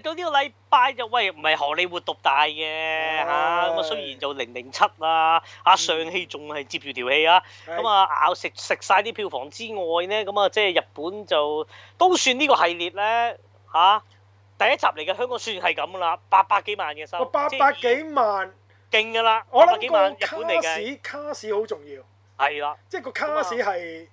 到呢個禮拜就喂，唔係荷里活獨大嘅嚇。咁啊，雖然就零零七啊，阿上戲仲係接住條戲啊。咁啊，咬食食曬啲票房之外呢，咁啊，即係日本就都算呢個系列呢，嚇。第一集嚟嘅香港算係咁啦，八百幾萬嘅收。八百幾萬，勁噶啦！我諗個卡士卡士好重要。係啦，即係個卡士係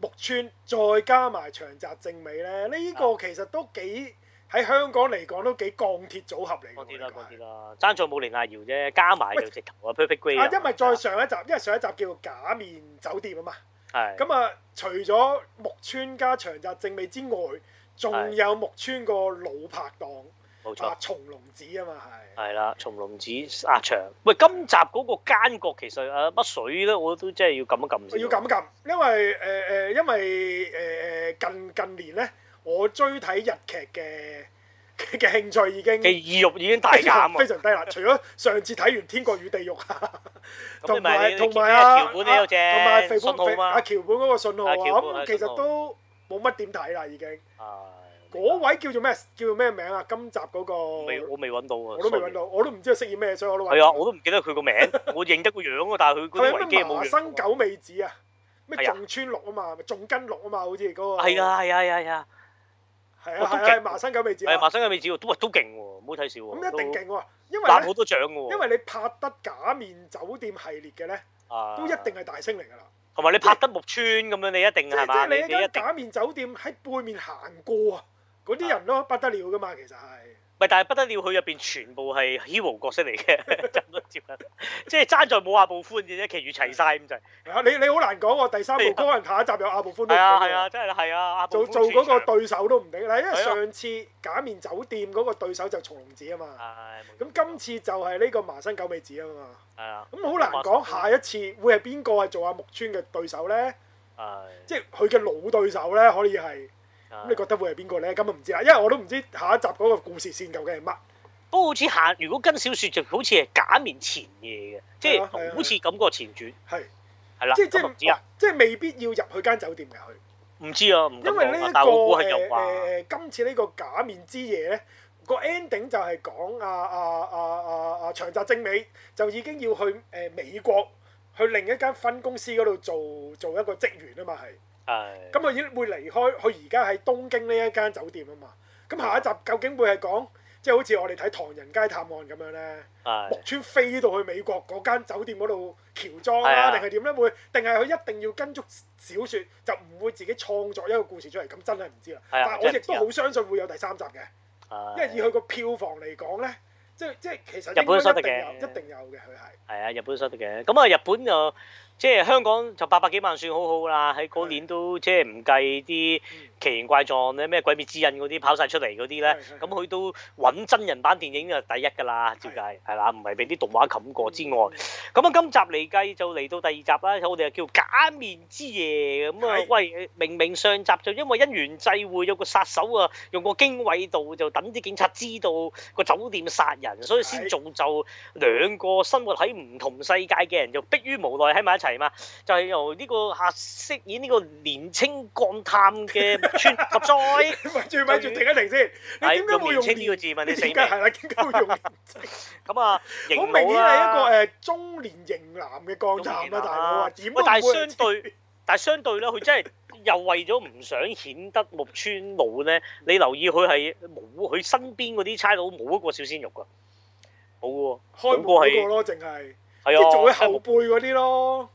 木村，再加埋長澤正美呢，呢個其實都幾。喺香港嚟講都幾鋼鐵組合嚟嘅，鋼啦，啲啦是，爭在冇連阿瑤啫，加埋就直頭啊喂！Perfect grey 啊，因為再上一集，假因為上一集叫做假面酒店啊嘛，咁啊是是、嗯，除咗木村加長澤正美之外，仲有木村個老拍檔，冇是錯，啊、松隆子啊嘛，係，係啦，松隆子阿長，喂，今集嗰個奸角其實啊乜水咧，我都真係要撳一撳要撳一撳、呃，因為誒誒、呃，因為誒誒、呃呃、近近，近，近年咧。我追睇日劇嘅嘅興趣已經，嘅意欲已經大減非常低啦，除咗上次睇完《天國與地獄》，同埋同埋阿橋本呢？只同埋肥阿橋本嗰個信號啊，咁其實都冇乜點睇啦，已經。嗰位叫做咩？叫做咩名啊？今集嗰個我未揾到啊！我都未揾到，我都唔知佢飾演咩，所以我都揾。係啊！我都唔記得佢個名，我認得個樣咯，但係佢嗰啲係咩？麻生久美子啊？咩？仲村鈴啊嘛？仲根鈴啊嘛？好似嗰個。係啊！係啊！係啊！係啊！係、哦、啊，都麻生久美子。係啊，麻生久美子，都都勁喎、啊，唔好睇小咁一定勁喎、啊，因為攬好多獎、啊、因為你拍得假面酒店系列嘅咧，啊、都一定係大星嚟㗎啦。同埋你拍得木村咁樣，欸、你一定係嘛？即係、就是、吧你一間假面酒店喺背面行過啊，嗰啲人咯，不得了㗎嘛，啊、其實係。唔係，但係不得了，佢入邊全部係 hero 角色嚟嘅，差唔多接近，即係爭在冇阿部寬嘅啫，其餘齊晒咁滯。啊，你你好難講，我第三部可能下一集有阿部寬都唔定啊，係啊，係啊，真係係啊。做做嗰個對手都唔定，嗱，因為上次假面酒店嗰個對手就松隆子啊嘛。咁今次就係呢個麻生久美子啊嘛。咁好難講，下一次會係邊個係做阿木村嘅對手咧？即係佢嘅老對手咧，可以係。咁你覺得會係邊個咧？咁啊，唔知啦，因為我都唔知下一集嗰個故事線究竟係乜。不過好似下，如果跟小説就好似係假面前夜嘅，即係、嗯、好似感覺前傳。係係啦，即係即係唔知啊，即係未必要入去間酒店入去，唔知啊，因為呢個。但係我估係、呃呃、今次呢個假面之夜咧，個 ending 就係講阿阿阿阿阿長澤正美就已經要去誒、呃、美國去另一間分公司嗰度做做一個職員啊嘛係。咁佢已經會離開佢而家喺東京呢一間酒店啊嘛，咁下一集究竟會係講，即係好似我哋睇《唐人街探案》咁樣咧，木村飛到去美國嗰間酒店嗰度喬裝啦，定係點咧？會定係佢一定要跟足小説，就唔會自己創作一個故事出嚟？咁真係唔知啦。的但係我亦的都好相信會有第三集嘅，的因為以佢個票房嚟講咧，即係即係其實日本出得嘅一定有，一定有嘅佢係。係啊，日本出得嘅，咁啊日本就。即係香港就八百幾萬算好好啦，喺嗰是的 年都即係唔計啲奇形怪狀咧，咩、嗯、鬼滅之刃嗰啲跑晒出嚟嗰啲咧，咁佢是的 都揾真人版電影就第一㗎啦，照計係啦，唔係俾啲動畫冚過之外，咁啊是的 今集嚟計就嚟到第二集啦，我哋就叫假面之夜咁啊，喂，是的 明明上集就因為因緣際會有個殺手啊，用個經緯度，就等啲警察知道個酒店殺人，所以先造就兩個生活喺唔同世界嘅人，就迫於無奈喺埋一齊。係嘛？就係由呢個吓飾演呢個年青幹探嘅木村拓哉。咪住咪住，停一停先。你點解會用呢個字問你？點解係啦？點解會用？咁啊，好明顯係一個誒中年型男嘅幹探啊！大佬啊，但係相對，但係相對咧，佢真係又為咗唔想顯得木村老咧。你留意佢係冇？佢身邊嗰啲差佬冇一個小鮮肉噶，冇噶喎。開冇一個咯，淨係即啊，做佢後輩嗰啲咯。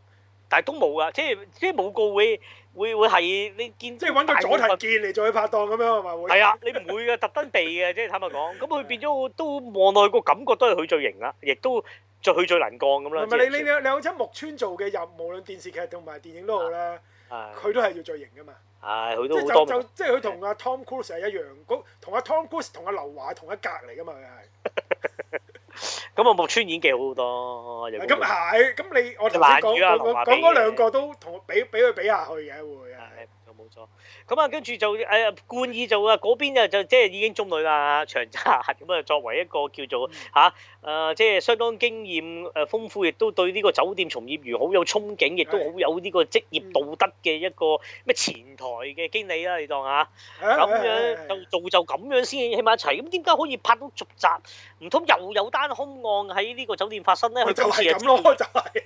但係都冇噶，即係即係冇個會會會係你見，即係揾個佐藤健嚟再去拍檔咁樣係嘛？係啊，你唔會嘅，特登避嘅，即係坦白講。咁佢變咗都望落去個感覺都係佢最型啦，亦都最佢最能幹咁啦。唔係你你你你睇木村做嘅又無論電視劇同埋電影都好咧，佢都係要最型噶嘛。係，佢都即係就就即係佢同阿 Tom Cruise 係一樣，同阿 Tom Cruise 同阿劉華同一格嚟噶嘛，佢係。咁啊，木村演技好好多，咁係，咁、 嗯嗯、你我頭先講講兩個都同俾俾佢比下去嘅會。係冇錯，咁啊，跟住就誒冠意就啊嗰邊就即係已經中女啦，長澤咁啊，作為一個叫做嚇誒，即係相當經驗誒豐富，亦都對呢個酒店從業員好有憧憬，亦都好有呢個職業道德嘅一個咩前台嘅經理啦，你當嚇咁樣就造就咁樣先起碼一齊，咁點解可以拍到續集？唔通又有單兇案喺呢個酒店發生咧？佢就係咁咯，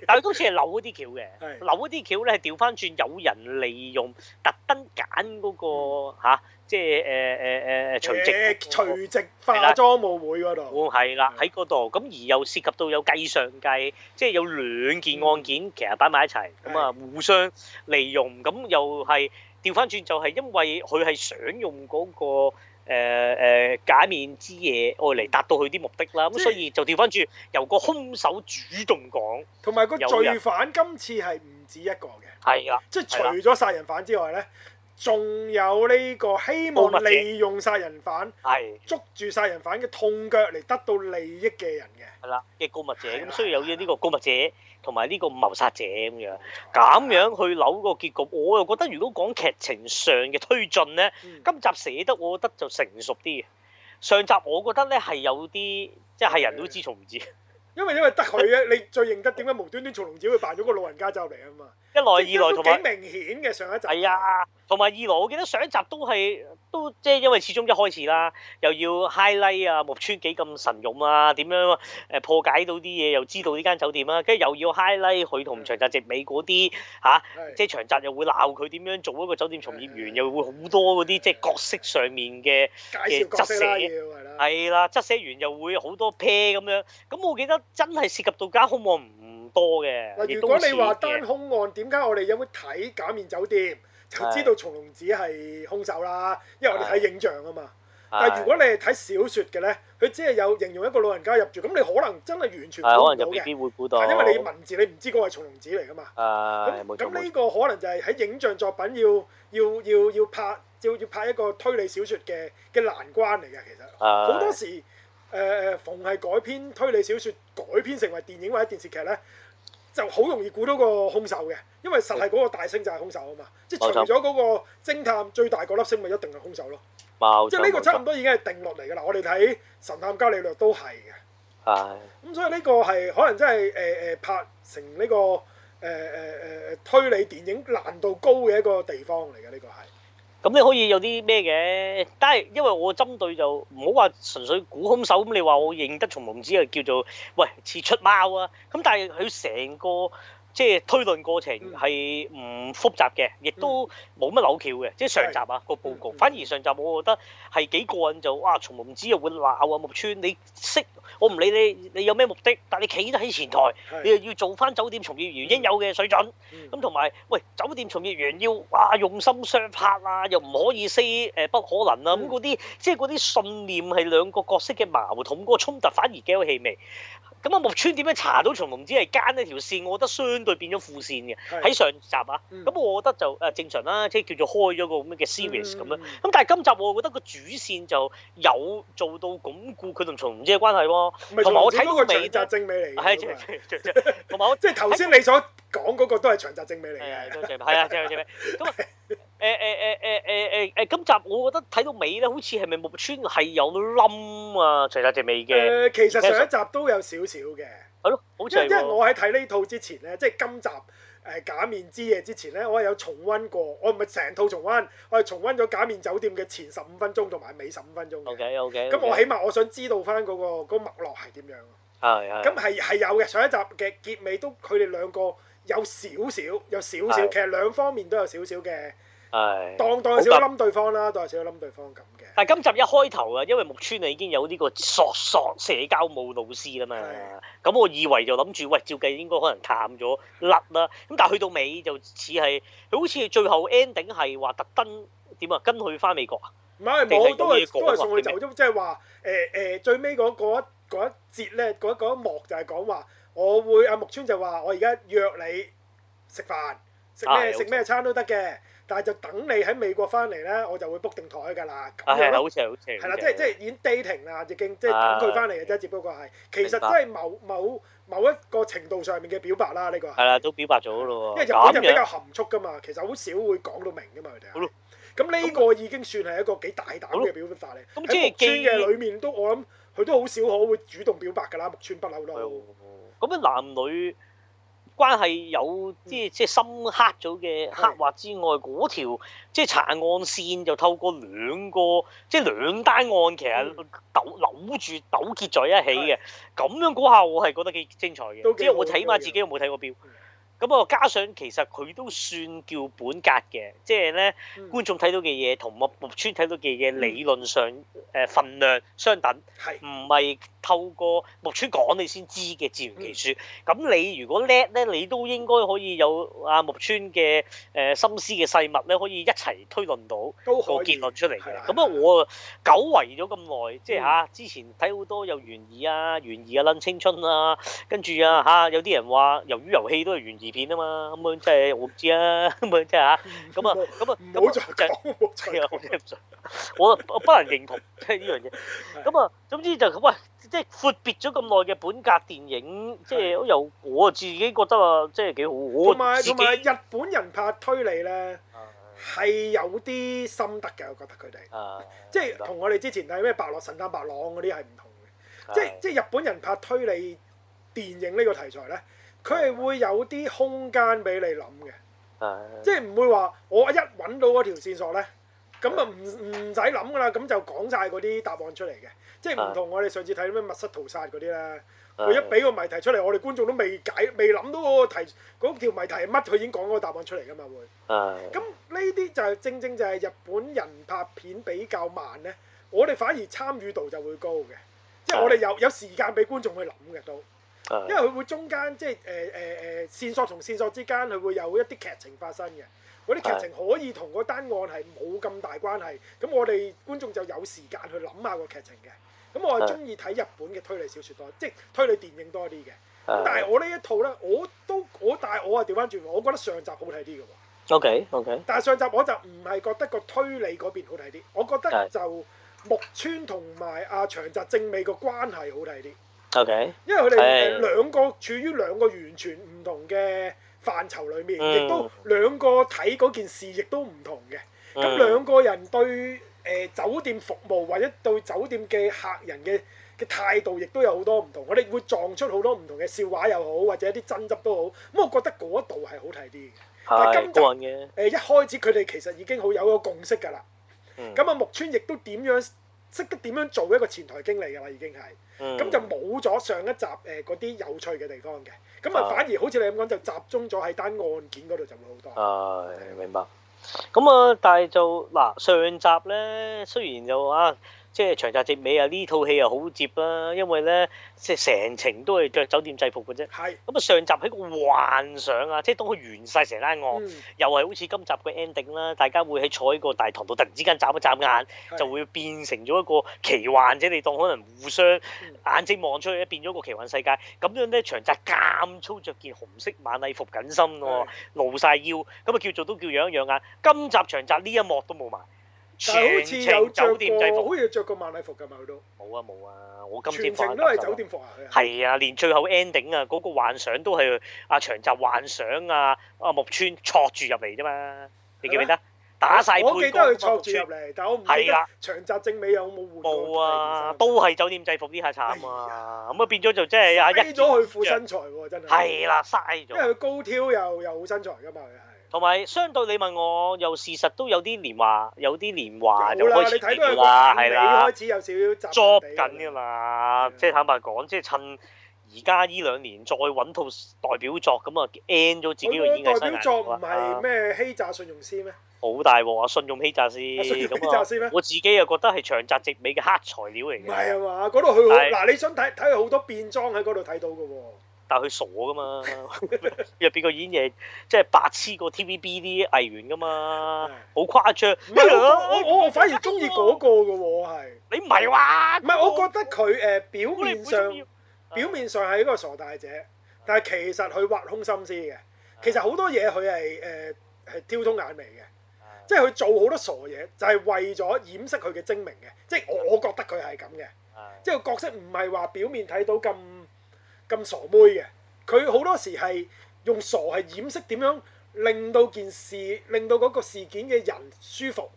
但係都似係扭嗰啲橋嘅，扭嗰啲橋咧係調翻轉，有人利用特跟揀嗰個嚇，即係誒誒誒誒除夕，除夕化妝舞會嗰度，係啦，喺嗰度，咁而又涉及到有計上計，即係有兩件案件其實擺埋一齊，咁啊、嗯、互相利用，咁又係調翻轉就係因為佢係想用嗰個。誒誒、呃呃，假面之夜，愛嚟達到佢啲目的啦。咁、嗯、所以就調翻轉，由個兇手主動講，同埋個罪犯人今次係唔止一個嘅，係啦的，即係除咗殺人犯之外咧，仲有呢個希望利用殺人犯，係的捉住殺人犯嘅痛腳嚟得到利益嘅人嘅，係啦，嘅告密者咁，的所以有呢個告密者。同埋呢個謀殺者咁樣，咁樣去扭個結局，我又覺得如果講劇情上嘅推進呢，嗯、今集寫得我覺得就成熟啲嘅。上集我覺得呢係有啲即係人都知從唔知、嗯，因為因為得佢呀， 你最認得點解無端端從龍子會扮咗個老人家走嚟啊嘛。一來二來同埋，都幾明顯嘅上一集。係啊、哎，同埋二來我記得上一集都係都即係因為始終一開始啦，又要 highlight 啊，木村幾咁神勇啊，點樣誒破解到啲嘢，又知道呢間酒店啦，跟住又要 highlight 佢同長澤直美嗰啲嚇，即、啊、係是、啊就是，長澤又會鬧佢點樣做一個酒店從業員，的又會好多嗰啲即係角色上面嘅嘅側寫，係啦，側寫、啊、完又會好多 pair 咁樣。咁我記得真係涉及到家通我唔。多嘅。嗱，如果你話單兇案，點解我哋有冇睇《假面酒店》就知道松隆子係兇手啦？因為我哋睇影像啊嘛。的但係如果你係睇小説嘅咧，佢只係有形容一個老人家入住，咁你可能真係完全估唔到嘅。可能會估到。因為你文字你唔知嗰個係松隆子嚟噶嘛。啊。咁呢個可能就係喺影像作品要要要要拍要要拍一個推理小説嘅嘅難關嚟嘅，其實好的多時。誒誒、呃，逢係改編推理小説，改編成為電影或者電視劇咧，就好容易估到個兇手嘅，因為實係嗰個大星就係兇手啊嘛。冇錯，即係除咗嗰個偵探最大個粒星，咪一定係兇手咯。冇錯，即係呢個差唔多已經係定落嚟㗎喇，我哋睇神探伽利略都係嘅。唉、哎。咁、嗯、所以呢個係可能真係誒誒拍成呢、呢個誒誒誒推理電影難度高嘅一個地方嚟嘅呢個係。咁你可以有啲咩嘅？但係因為我針對就唔好話純粹估凶手咁，你話我認得從蒙子啊，叫做喂似出貓啊。咁但係佢成個。即係推論過程係唔複雜嘅，亦都冇乜扭橋嘅。即係上集啊，個報告，反而上集我覺得係幾過癮就哇，從唔知又會鬧啊木村，你識我唔理你，你有咩目的？但你企得喺前台，你又要做翻酒店從業員應有嘅水準。咁同埋喂，酒店從業員要哇用心相拍啊，又唔可以 say 誒不可能啊咁嗰啲，嗯、即係嗰啲信念係兩個角色嘅矛盾，嗰個衝突反而幾有氣味。咁啊，木村點樣查到從龍子係間一條線？我覺得相對變咗副線嘅，喺上集啊。咁的、嗯、我覺得就誒正常啦、啊，即係叫做開咗個咁嘅 series 咁樣。咁但係今集我覺得個主線就有做到鞏固佢同從龍子嘅關係喎。同埋我睇到尾都係正美嚟嘅。同埋我即係頭先你所講嗰個都係長澤正美嚟嘅。係啊，謝謝你。誒誒誒誒誒誒誒，今集我覺得睇到尾咧，好似係咪木村係有冧啊？除咗隻尾嘅誒、呃，其實上一集都有少少嘅係咯，好正喎，因為因為我喺睇呢套之前咧，即係今集誒、呃、假面之夜之前咧，我係有重温過。我唔係成套重温，我係重温咗假面酒店嘅前十五分鐘同埋尾十五分鐘 O K O K。咁、okay, okay, okay, okay. 我起碼我想知道翻、那、嗰個嗰脈絡係點樣啊？咁係係有嘅，上一集嘅結尾都佢哋兩個有少少有少少，的的其實兩方面都有少少嘅。係，當代少冧對方啦，代少冧對方咁嘅。但係今集一開頭啊，因為木村啊已經有呢個索索社交舞老師啦嘛，咁的我以為就諗住喂，照計應該可能淡咗甩啦。咁但係去到就尾就似係，好似最後 ending 係話特登點啊跟佢翻美國啊？唔係，我都係都係送佢走，即係話誒誒最尾嗰一一節咧，嗰一幕就係講話我會阿木村就話我而家約你食飯，食咩食咩餐都得嘅。但係就等你喺美國翻嚟咧，我就會 book 定台㗎啦。樣啊係啦，好似係好似係啦，即係即係演 dating 啦，已經即係等佢翻嚟嘅啫，只不過係其實都係某某某，某一個程度上面嘅表白啦，呢、呢個係啦，都表白咗咯。因為日本就比較含蓄㗎嘛，其實好少會講到明㗎嘛，佢哋。好咯的。咁呢個已經算係一個幾大膽嘅表白咧。喺木的村嘅裏面，是面都我諗佢都好少可會主動表白㗎啦，木村不嬲都。係喎。咁啊，男女。關係有即係深刻咗嘅刻畫之外，嗰的條即係查案線就透過兩個即係兩單案其實糾扭，的扭住糾結在一起嘅，咁的樣嗰下我係覺得幾精彩嘅。幾即幾，我睇碼自己有冇睇過表。咁啊的，我加上其實佢都算叫本格嘅，即係呢，的嗯、觀眾睇到嘅嘢同木木村睇到嘅嘢理論上誒份量相等，唔係。透過木村講你先知嘅自圓其說，咁你如果叻咧，你都應該可以有阿木村嘅誒心思嘅細密咧，可以一齊推論到個結論出嚟嘅。咁啊，我久違咗咁耐，即係嚇之前睇好多有懸疑啊、懸疑啊、撚青春啊，跟住啊嚇有啲人話，由於遊戲都係懸疑片啊嘛，咁啊即係我唔知啊，咁啊即係嚇，咁啊咁啊，唔好再講，我我不能認同即係呢樣嘢。咁啊，總之就咁喂。即係闊別咗咁耐嘅本格電影，的即係又我自己覺得啊，即係幾好。同埋同埋日本人拍推理咧，係、嗯、有啲心得嘅，我覺得佢哋。嗯、即係同我哋之前睇咩白浪、神探白朗嗰啲係唔同嘅。嗯、即係即係日本人拍推理電影呢個題材咧，佢係、嗯、會有啲空間俾你諗嘅。即係唔會話我一揾到嗰條線索咧。咁啊，唔唔使諗噶啦，咁就講晒嗰啲答案出嚟嘅，即係唔同我哋上次睇咩密室逃殺嗰啲啦。佢、啊、一俾個謎題出嚟，我哋觀眾都未解、未諗到嗰個題嗰條、那個、謎題係乜，佢已經講嗰個答案出嚟噶嘛會。啊。咁呢啲就係、是、正正就係日本人拍片比較慢咧，我哋反而參與度就會高嘅，即係我哋有有時間俾觀眾去諗嘅都。啊。因為佢會中間即係誒誒誒線索同線索之間，佢會有一啲劇情發生嘅。嗰啲劇情可以同嗰單案係冇咁大關係，咁我哋觀眾就有時間去諗下個劇情嘅。咁我係中意睇日本嘅推理小說多，即係推理電影多啲嘅。但係我呢一套呢，我都我但係我啊調翻轉，我覺得上集好睇啲嘅喎。O K O K。但係上集我就唔係覺得個推理嗰邊好睇啲，我覺得就木村同埋阿長澤正美個關係好睇啲。O K。因為佢哋兩個 Hey. 處於兩個完全唔同嘅。範疇裏面，亦都兩個睇嗰件事亦都唔同嘅。咁兩個人對誒、呃、酒店服務或者對酒店嘅客人嘅嘅態度，亦都有好多唔同。我哋會撞出好多唔同嘅笑話又好，或者啲爭執都好。咁我覺得嗰度係好睇啲嘅。但係今集、呃、一開始佢哋其實已經好有個共識㗎啦。咁啊、嗯，木村亦都點樣，識得點樣做一個前台經理嘅啦，已經係，咁、嗯、就冇咗上一集誒嗰啲有趣嘅地方嘅，咁啊反而啊好似你咁講就集中咗喺單案件嗰度就會好多、啊。明白，咁、嗯、啊但係就嗱上集咧雖然就話。即係長澤接尾啊！呢套戲又好接啦，因為咧即係成程都係着酒店制服嘅啫。係咁啊，上集喺個幻想啊，即係當佢完晒成單案，嗯、又係好似今集嘅 ending 啦。大家會喺坐喺個大堂度，突然之間眨一眨眼，是就會變成咗一個奇幻，即係你當可能互相眼睛望出去，變咗個奇幻世界。咁樣咧，長澤咁粗着件紅色晚禮服緊身喎，是露晒腰，咁啊叫做都叫養眼養眼。今集長澤呢一幕都冇埋。全程酒店制服，好似着個晚禮服㗎嘛，佢都冇啊冇啊！我今次全程都係酒店服啊！係啊，連最後 ending 啊，嗰個幻想都係阿長澤幻想啊，阿木村坐住入嚟啫嘛，你記唔記得？打曬。我記得佢坐住入嚟，但我唔記得長澤正美有冇換。冇啊，都係酒店制服呢下慘啊！咁啊變咗就即係啊，飛咗佢副身材喎，真係。係啦，嘥咗。因為佢高挑又又好身材㗎嘛，佢。同埋，相對你問我，又事實都有啲年華，有啲年華啦就開始啦，係啦，開始有少少啦作緊㗎嘛、啊。即係坦白講，即係趁而家依兩年再揾套代表作咁啊，end 咗自己個演藝生涯代表作，唔係咩欺詐信用師咩？好、啊、大鑊啊！信用欺詐師咁欺詐師咩？我自己又覺得係長澤直美嘅黑材料嚟。嘅、啊。係啊度佢，嗱你想睇睇好多變裝喺嗰度睇到㗎喎。但佢傻噶嘛？入邊個演嘢即係白痴過 TVB 啲藝員噶嘛？好誇張。咩啊？我我反而中意嗰個㗎喎，係。你唔係話。唔係，我覺得佢誒表面上表面上係一個傻大姐，但係其實佢挖空心思嘅。其實好多嘢佢係誒係挑通眼眉嘅，即係佢做好多傻嘢，就係為咗掩飾佢嘅精明嘅。即係我覺得佢係咁嘅，即係個角色唔係話表面睇到咁。咁傻妹嘅，佢好多時係用傻係掩飾點樣令到件事，令到嗰個事件嘅人舒服，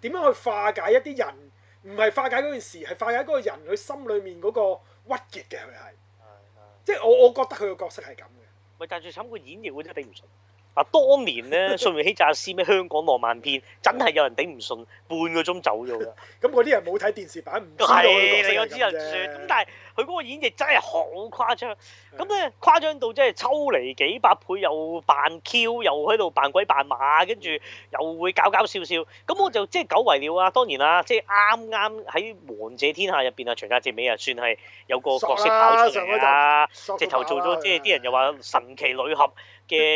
點樣去化解一啲人，唔係化解嗰件事，係化解嗰個人佢心裏面嗰個鬱結嘅。佢係，是是是即係我我覺得佢嘅角色係咁嘅。喂，但係最慘個演繹我真係頂唔順。嗱，當年咧，《信義債絲》咩香港浪漫片，真係有人頂唔順半個鐘走咗㗎。咁嗰啲人冇睇電視版，唔知道咁 但係。但佢嗰個演繹真係好誇張，咁咧誇張到即係抽離幾百倍，又扮 Q，又喺度扮鬼扮馬，跟住又會搞搞笑笑。咁我就即係久違了啊！當然啦，即係啱啱喺《王者天下》入邊啊，長澤雅美啊算係有個角色跑出嚟啦，直、啊、頭做咗即係啲人又話神奇女俠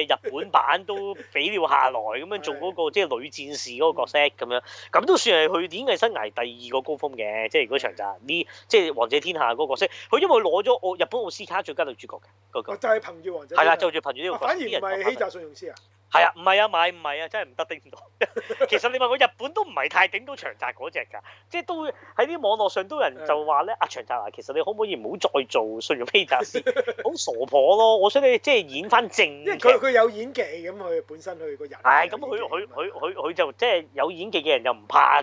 嘅日本版都比了下來，咁樣做嗰、那個即係、就是、女戰士嗰個角色咁樣，咁都算係佢演藝生涯第二個高峰嘅，即係係嗰場咋？呢即係《王者天下》嗰個角色。佢因為攞咗奧日本奧斯卡最佳女主角嘅嗰個就、啊，就係憑住王子，係啦，就住憑住呢個反而唔係欺詐信用師啊，係啊，唔係啊，唔唔係啊，真係唔得頂到。 其實你問佢，日本都唔係太頂到長澤嗰隻㗎，即係都喺啲網絡上都有人就話咧，阿的、啊、長澤啊，其實你可唔可以唔好再做信用欺詐師好傻婆咯。我想你即係演翻正，佢佢有演技咁，佢本身佢個人係咁，佢佢佢佢佢就即係有演技嘅人又唔怕。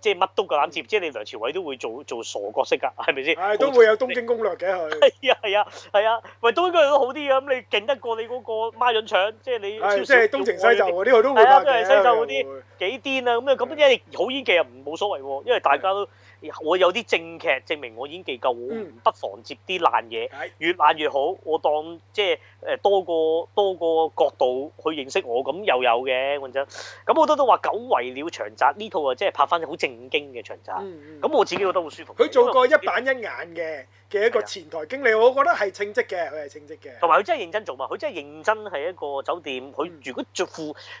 即係乜都夠膽接，即係你梁朝偉都會做做傻角色㗎，係咪先？係都會有《東京攻略》嘅佢。 係啊係啊係啊，喂，東京應該都好啲嘅。咁你勁得過你嗰個孖潤腸，即係你，你。係即係東情西就嗰啲都會。係、就是、啊，係西就嗰啲幾癲啊！咁啊咁，因為好演技又唔冇所謂喎，因為大家都。我有啲正劇證明我演技夠夠，我不妨接啲爛嘢，越爛越好。我當即係誒多個多個角度去認識我，咁又有嘅咁樣。咁好多都話久違了長澤呢套啊，即係拍返啲好正經嘅長澤。咁我自己覺得好舒服。佢、嗯嗯、做過一板一眼嘅嘅一個前台經理，我覺得係稱職嘅，佢係稱職嘅。同埋佢真係認真做嘛，佢真係認真係一個酒店。佢如果做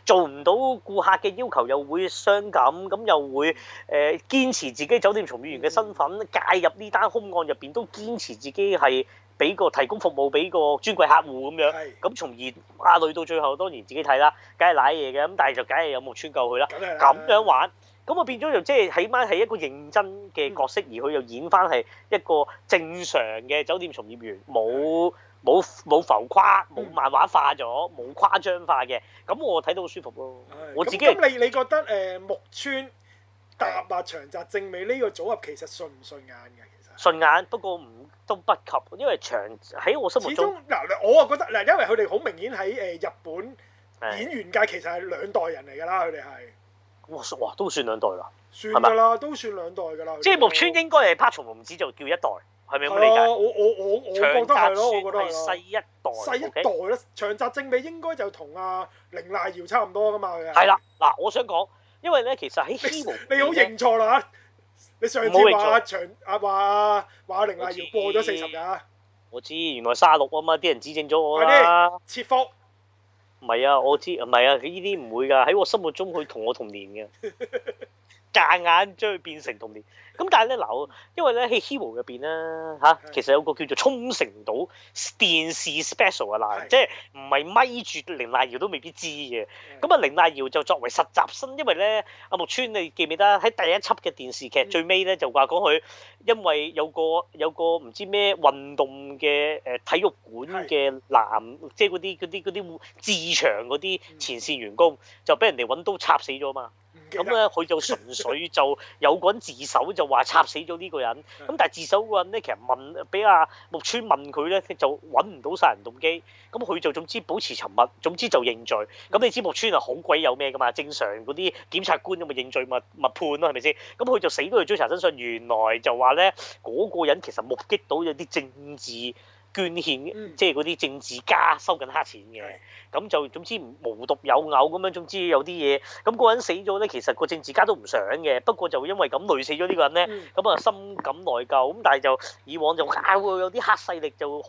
做唔到顧客嘅要求，又會傷感，咁又會誒、呃、堅持自己酒店從業員嘅身份，介入呢單凶案入邊都堅持自己係俾個提供服務俾個尊貴客戶咁樣。咁是從而啊、呃、累到最後，當然自己睇啦，梗係賴嘢嘅。咁但係就梗係有木村救佢啦。咁樣玩。咁我變咗就即係起碼係一個認真嘅角色，嗯、而佢又演翻係一個正常嘅酒店從業員，冇冇冇浮誇，冇、嗯、漫畫化咗，冇誇張化嘅。咁我睇到好舒服咯。嗯、我自己咁你你覺得誒木、呃、村拓哉長澤正美呢個組合其實順唔順眼嘅？其實順眼，不過唔都不及，因為長喺我心目中嗱、呃，我啊覺得嗱，因為佢哋好明顯喺誒日本演員界其實係兩代人嚟㗎啦，佢哋係。哇！哇！都算兩代啦，係咪啊？都算兩代㗎啦。即係木村應該係拍松子就叫一代，係咪咁嘅理解？長澤宣係細一代，細一代啦。長澤正美應該就同阿綾瀨遙差唔多㗎嘛？佢係啦。嗱，我想講，因為咧，其實喺你你好認錯啦嚇。你上次話阿長，阿話阿話綾瀨遙過咗四十㗎。我知，原來卅六啊嘛，啲人指正咗我啦。快唔係啊，我知唔係啊，佢依啲唔會噶。喺我心目中，佢同我同年嘅。 夾硬將佢變成童年，咁但係咧，嗱，因為咧喺《Hero》入邊啦，嚇，其實有個叫做沖繩島電視 Special 啊啦，是的 即係唔係咪住凌麗瑤都未必知嘅。咁啊，凌麗瑤就作為實習生，因為咧，阿、啊、木村你記唔記得喺第一輯嘅電視劇是的 最尾咧就話講佢因為有個有個唔知咩運動嘅誒、呃、體育館嘅男，是的 即係嗰啲嗰啲嗰啲治場嗰啲前線員工就俾人哋揾刀插死咗嘛。咁咧，佢、嗯、就純粹就有個人自首，就話插死咗呢個人。咁但係自首嗰個人咧，其實問俾阿木村問佢咧，就揾唔到殺人動機。咁、嗯、佢就總之保持沉默，總之就認罪。咁、嗯嗯、你知木村啊，好鬼有咩噶嘛？正常嗰啲檢察官咁咪認罪嘛，咪判咯，係咪先？咁、嗯、佢就死都去追查真相。原來就話咧，嗰、那個人其實目擊到有啲政治捐獻，即係嗰啲政治家收緊黑錢嘅。嗯嗯咁就總之無獨有偶咁樣，總之有啲嘢。咁、那、嗰個人死咗咧，其實個政治家都唔想嘅。不過就因為咁累死咗呢個人咧，咁啊深感內疚。咁但係就以往就啊，有啲黑勢力就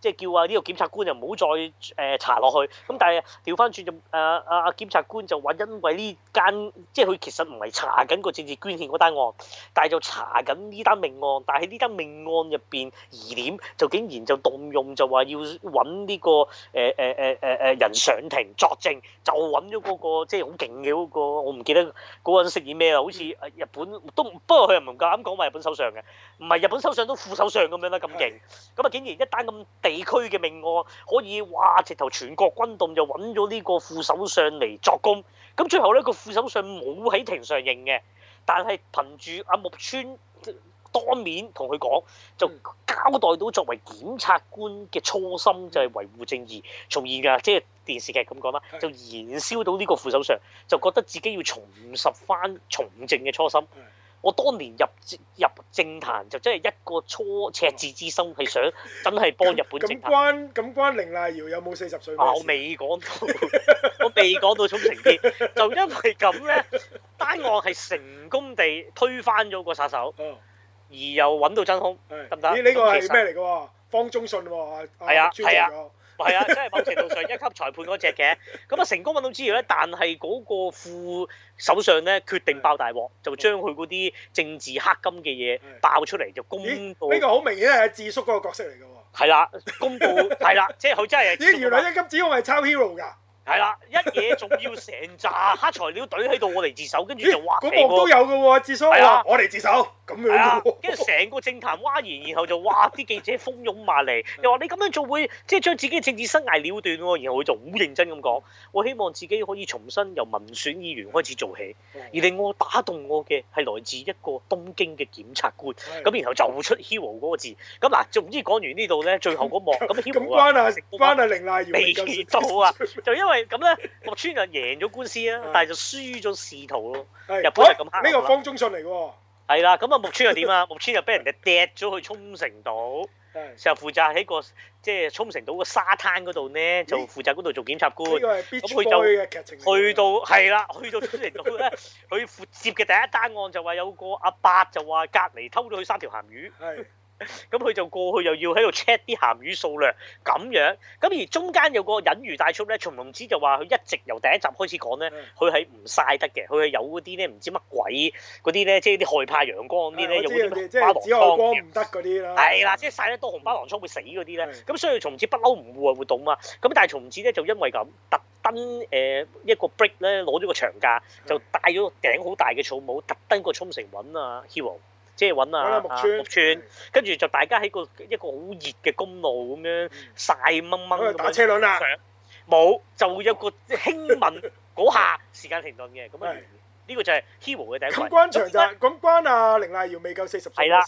即係叫啊呢個檢察官就唔好再誒、呃、查落去。咁但係調翻轉就誒誒、呃啊、檢察官就話因為呢間即係佢其實唔係查緊個政治捐獻嗰單案，但係就查緊呢單命案。但係呢單命案入邊疑點就竟然就動用就話要揾呢、這個誒誒誒誒誒人。上庭作證就揾咗嗰個即係好勁嘅嗰個，我唔記得嗰個人飾演咩啦，好似日本都不過佢又唔能夠咁講話日本首相嘅，唔係日本首相都副首相咁樣啦咁勁，咁啊竟然一單咁地區嘅命案可以哇直頭全國轟動就揾咗呢個副首相嚟作供，咁最後呢，個副首相冇喺庭上認嘅，但係憑住阿木村。當面同佢講，就交代到作為檢察官嘅初心就係，是，維護正義，從而啊，即係電視劇咁講啦，就燃燒到呢個副手上，就覺得自己要重拾翻從政嘅初心。的我當年入入政壇就真係一個初赤子之心，係，哦、想真係幫日本政壇。咁關咁關凌麗瑤有冇四十歲，哦？我未講到， 我未講到沖繩結，就因為咁咧，單案係成功地推翻咗個殺手。哦而又揾到真兇，得唔得？呢個係咩嚟㗎？方中信喎，係啊，係啊，係啊，即係某程度上一級裁判嗰隻嘅。咁啊，成功揾到資料咧，但係嗰個副首相咧，決定爆大鑊，就將佢嗰啲政治黑金嘅嘢爆出嚟，就公佈。呢個好明顯係智叔嗰個角色嚟嘅喎。係啦，公佈係啦，即係佢真係。咦？原來一級指控係抄 hero 㗎。係啦，一嘢仲要成紮黑材料堆喺度，我嚟自首，跟住就哇！嗰幕都有嘅喎，自首啦，我嚟自首，咁樣，跟住成個政壇嘩然，然後就哇！啲記者蜂擁埋嚟，又話你咁樣做會即係將自己政治生涯了斷，然後佢就好認真咁講，我希望自己可以重新由民選議員開始做起，而令我打動我嘅係來自一個東京嘅檢察官，咁然後就出 hero 嗰個字，咁嗱，總之講完呢度咧，最後嗰幕咁 hero 啊，翻啊，翻啊，零奈未到啊，就因為。因為咁咧，木村就贏咗官司啊，但係就輸咗仕途咯。日本係咁黑，呢個方中信嚟喎。係啦，咁啊木村又點啊？木村又俾人哋掟咗去沖繩島，就負責喺個即係沖繩島個沙灘嗰度咧，就負責嗰度做檢察官。咁佢就去到係啦，去到沖繩島咧，佢接嘅第一單案就話有個阿伯就話隔籬偷咗佢三條鹹魚。咁佢就過去又要喺度 check 啲鹹魚數量咁樣，咁而中間有個隱喻帶出咧，從容子就話佢一直由第一集開始講咧，佢係唔曬得嘅，佢係有嗰啲咧唔知乜鬼嗰啲咧，即係啲害怕陽光嗰啲咧，用嗰啲斑狼瘡嘅，唔得嗰啲啦。係啦，即係曬得多紅斑狼瘡會死嗰啲咧，咁的所以從容子不嬲唔戶外活動嘛。咁但係從容子咧就因為咁特登誒一個 break 咧攞咗個長假，就戴咗頂好大嘅草帽，特登過沖繩揾啊 Hero。車揾啊，木村，木村，跟住就大家喺個一個好熱嘅公路咁樣曬掹掹，打車輪啦，冇就會有個輕吻嗰下時間停頓嘅，咁樣，呢個就係 Hero 嘅第一關。咁關場就係，咁關啊，凌麗瑤未夠四十歲啊。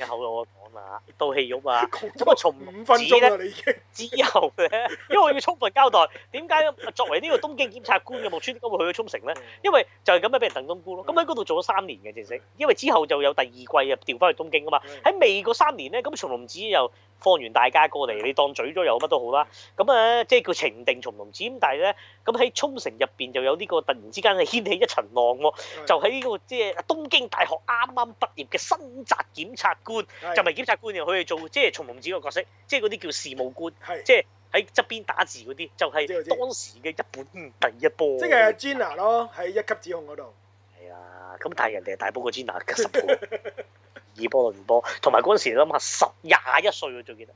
一口我講啦，到戲玉啊，咁啊從五分鐘啦，呢你咧已， 因為我要充分交代點解作為呢個東京檢察官嘅 木村點解會去到沖繩咧，因為就係咁樣俾人燉冬菇咯。咁喺嗰度做咗三年嘅正式，因為之後就有第二季啊調翻去東京啊嘛。喺 未過三年咧，咁從龍子又。放完大街過嚟，你當嘴咗又乜都好啦。咁啊，即係叫情定松隆子咁，但係咧，咁喺沖繩入邊就有呢個突然之間係掀起一層浪喎、哦。的就喺呢、這個即係東京大學啱啱畢業嘅新宅檢察官，的就唔係檢察官嘅，佢係做即係松隆子個角色，即係嗰啲叫事務官，的即係喺側邊打字嗰啲，就係、是、當時嘅一本第一波。即係 Gina 咯，喺一級指控嗰度。係啊，咁但係人哋大波過 Gina 十個 二波同埋嗰陣時諗下，十廿一歲喎，最記得，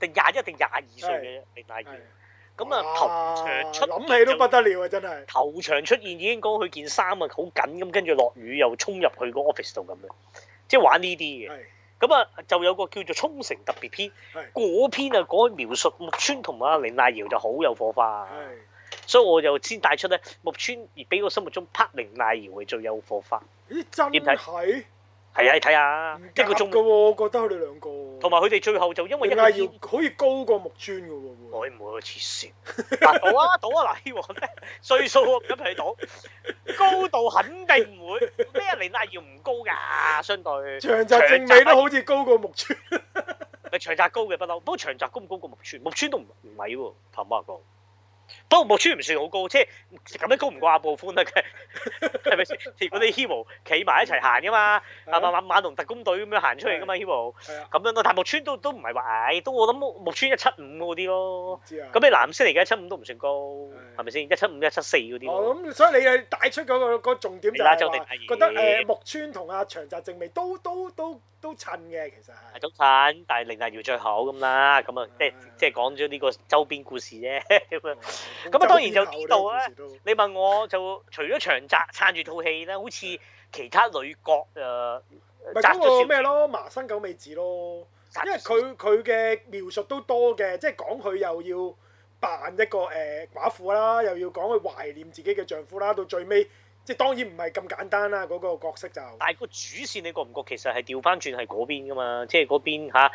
定廿一定廿二歲嘅林大姚。咁啊，頭場出，諗起都不得了啊，真係頭場出現已經講佢件衫啊好緊咁，跟住落雨又衝入去個 office 度咁樣，即係玩呢啲嘅。咁啊，就有個叫做《沖繩特別篇》，嗰篇啊講起描述木村同埋阿林大姚就好有火花，所以我就先帶出咧木村，而俾我心目中拍林大姚係最有火花。咦？點睇？係啊，你睇下，即係佢仲嘅喎，我覺得佢哋兩個，同埋佢哋最後就因為一拉要可以高過木村嘅喎，我唔會黐線，倒啊倒啊，嗱、啊，依個咧歲數唔敢去高度肯定唔會，咩人嚟？拉要唔高噶，相對長澤雅美都好似高過木村，係長澤高嘅不嬲，不過長澤高唔高過木村？木村都唔唔矮喎，頭冇人不過木村唔算好高，即係咁樣高唔過阿布寬 啊，係咪先？如果你 Hero 企埋一齊行噶嘛，阿馬馬馬同特工隊咁樣行出嚟噶嘛 Hero 咁樣咯。但木村都都唔係話，矮，都，都我諗木村一七五嗰啲咯。咁你男星嚟嘅一七五都唔算高，係咪先？一七五一七四嗰啲。17 5, 17哦，咁所以你係帶出嗰、那個個重點就係話，啊、我覺得誒、呃、木村同阿長澤正美都都都。都都襯嘅其實係，都襯，但係林大姚最好咁啦，咁啊、嗯、即即講咗呢個周邊故事啫，咁啊當然就邊度咧？你問我就 除咗長澤撐住套戲咧，好似其他女角誒，咪咩咯？麻生久美子咯，因為佢佢嘅描述都多嘅，即係講佢又要扮一個誒、呃、寡婦啦，又要講佢懷念自己嘅丈夫啦，到最尾。即係當然唔係咁簡單啦，嗰、那個角色就。但係個主線你覺唔覺其實係調翻轉喺嗰邊㗎嘛？即係嗰邊、啊、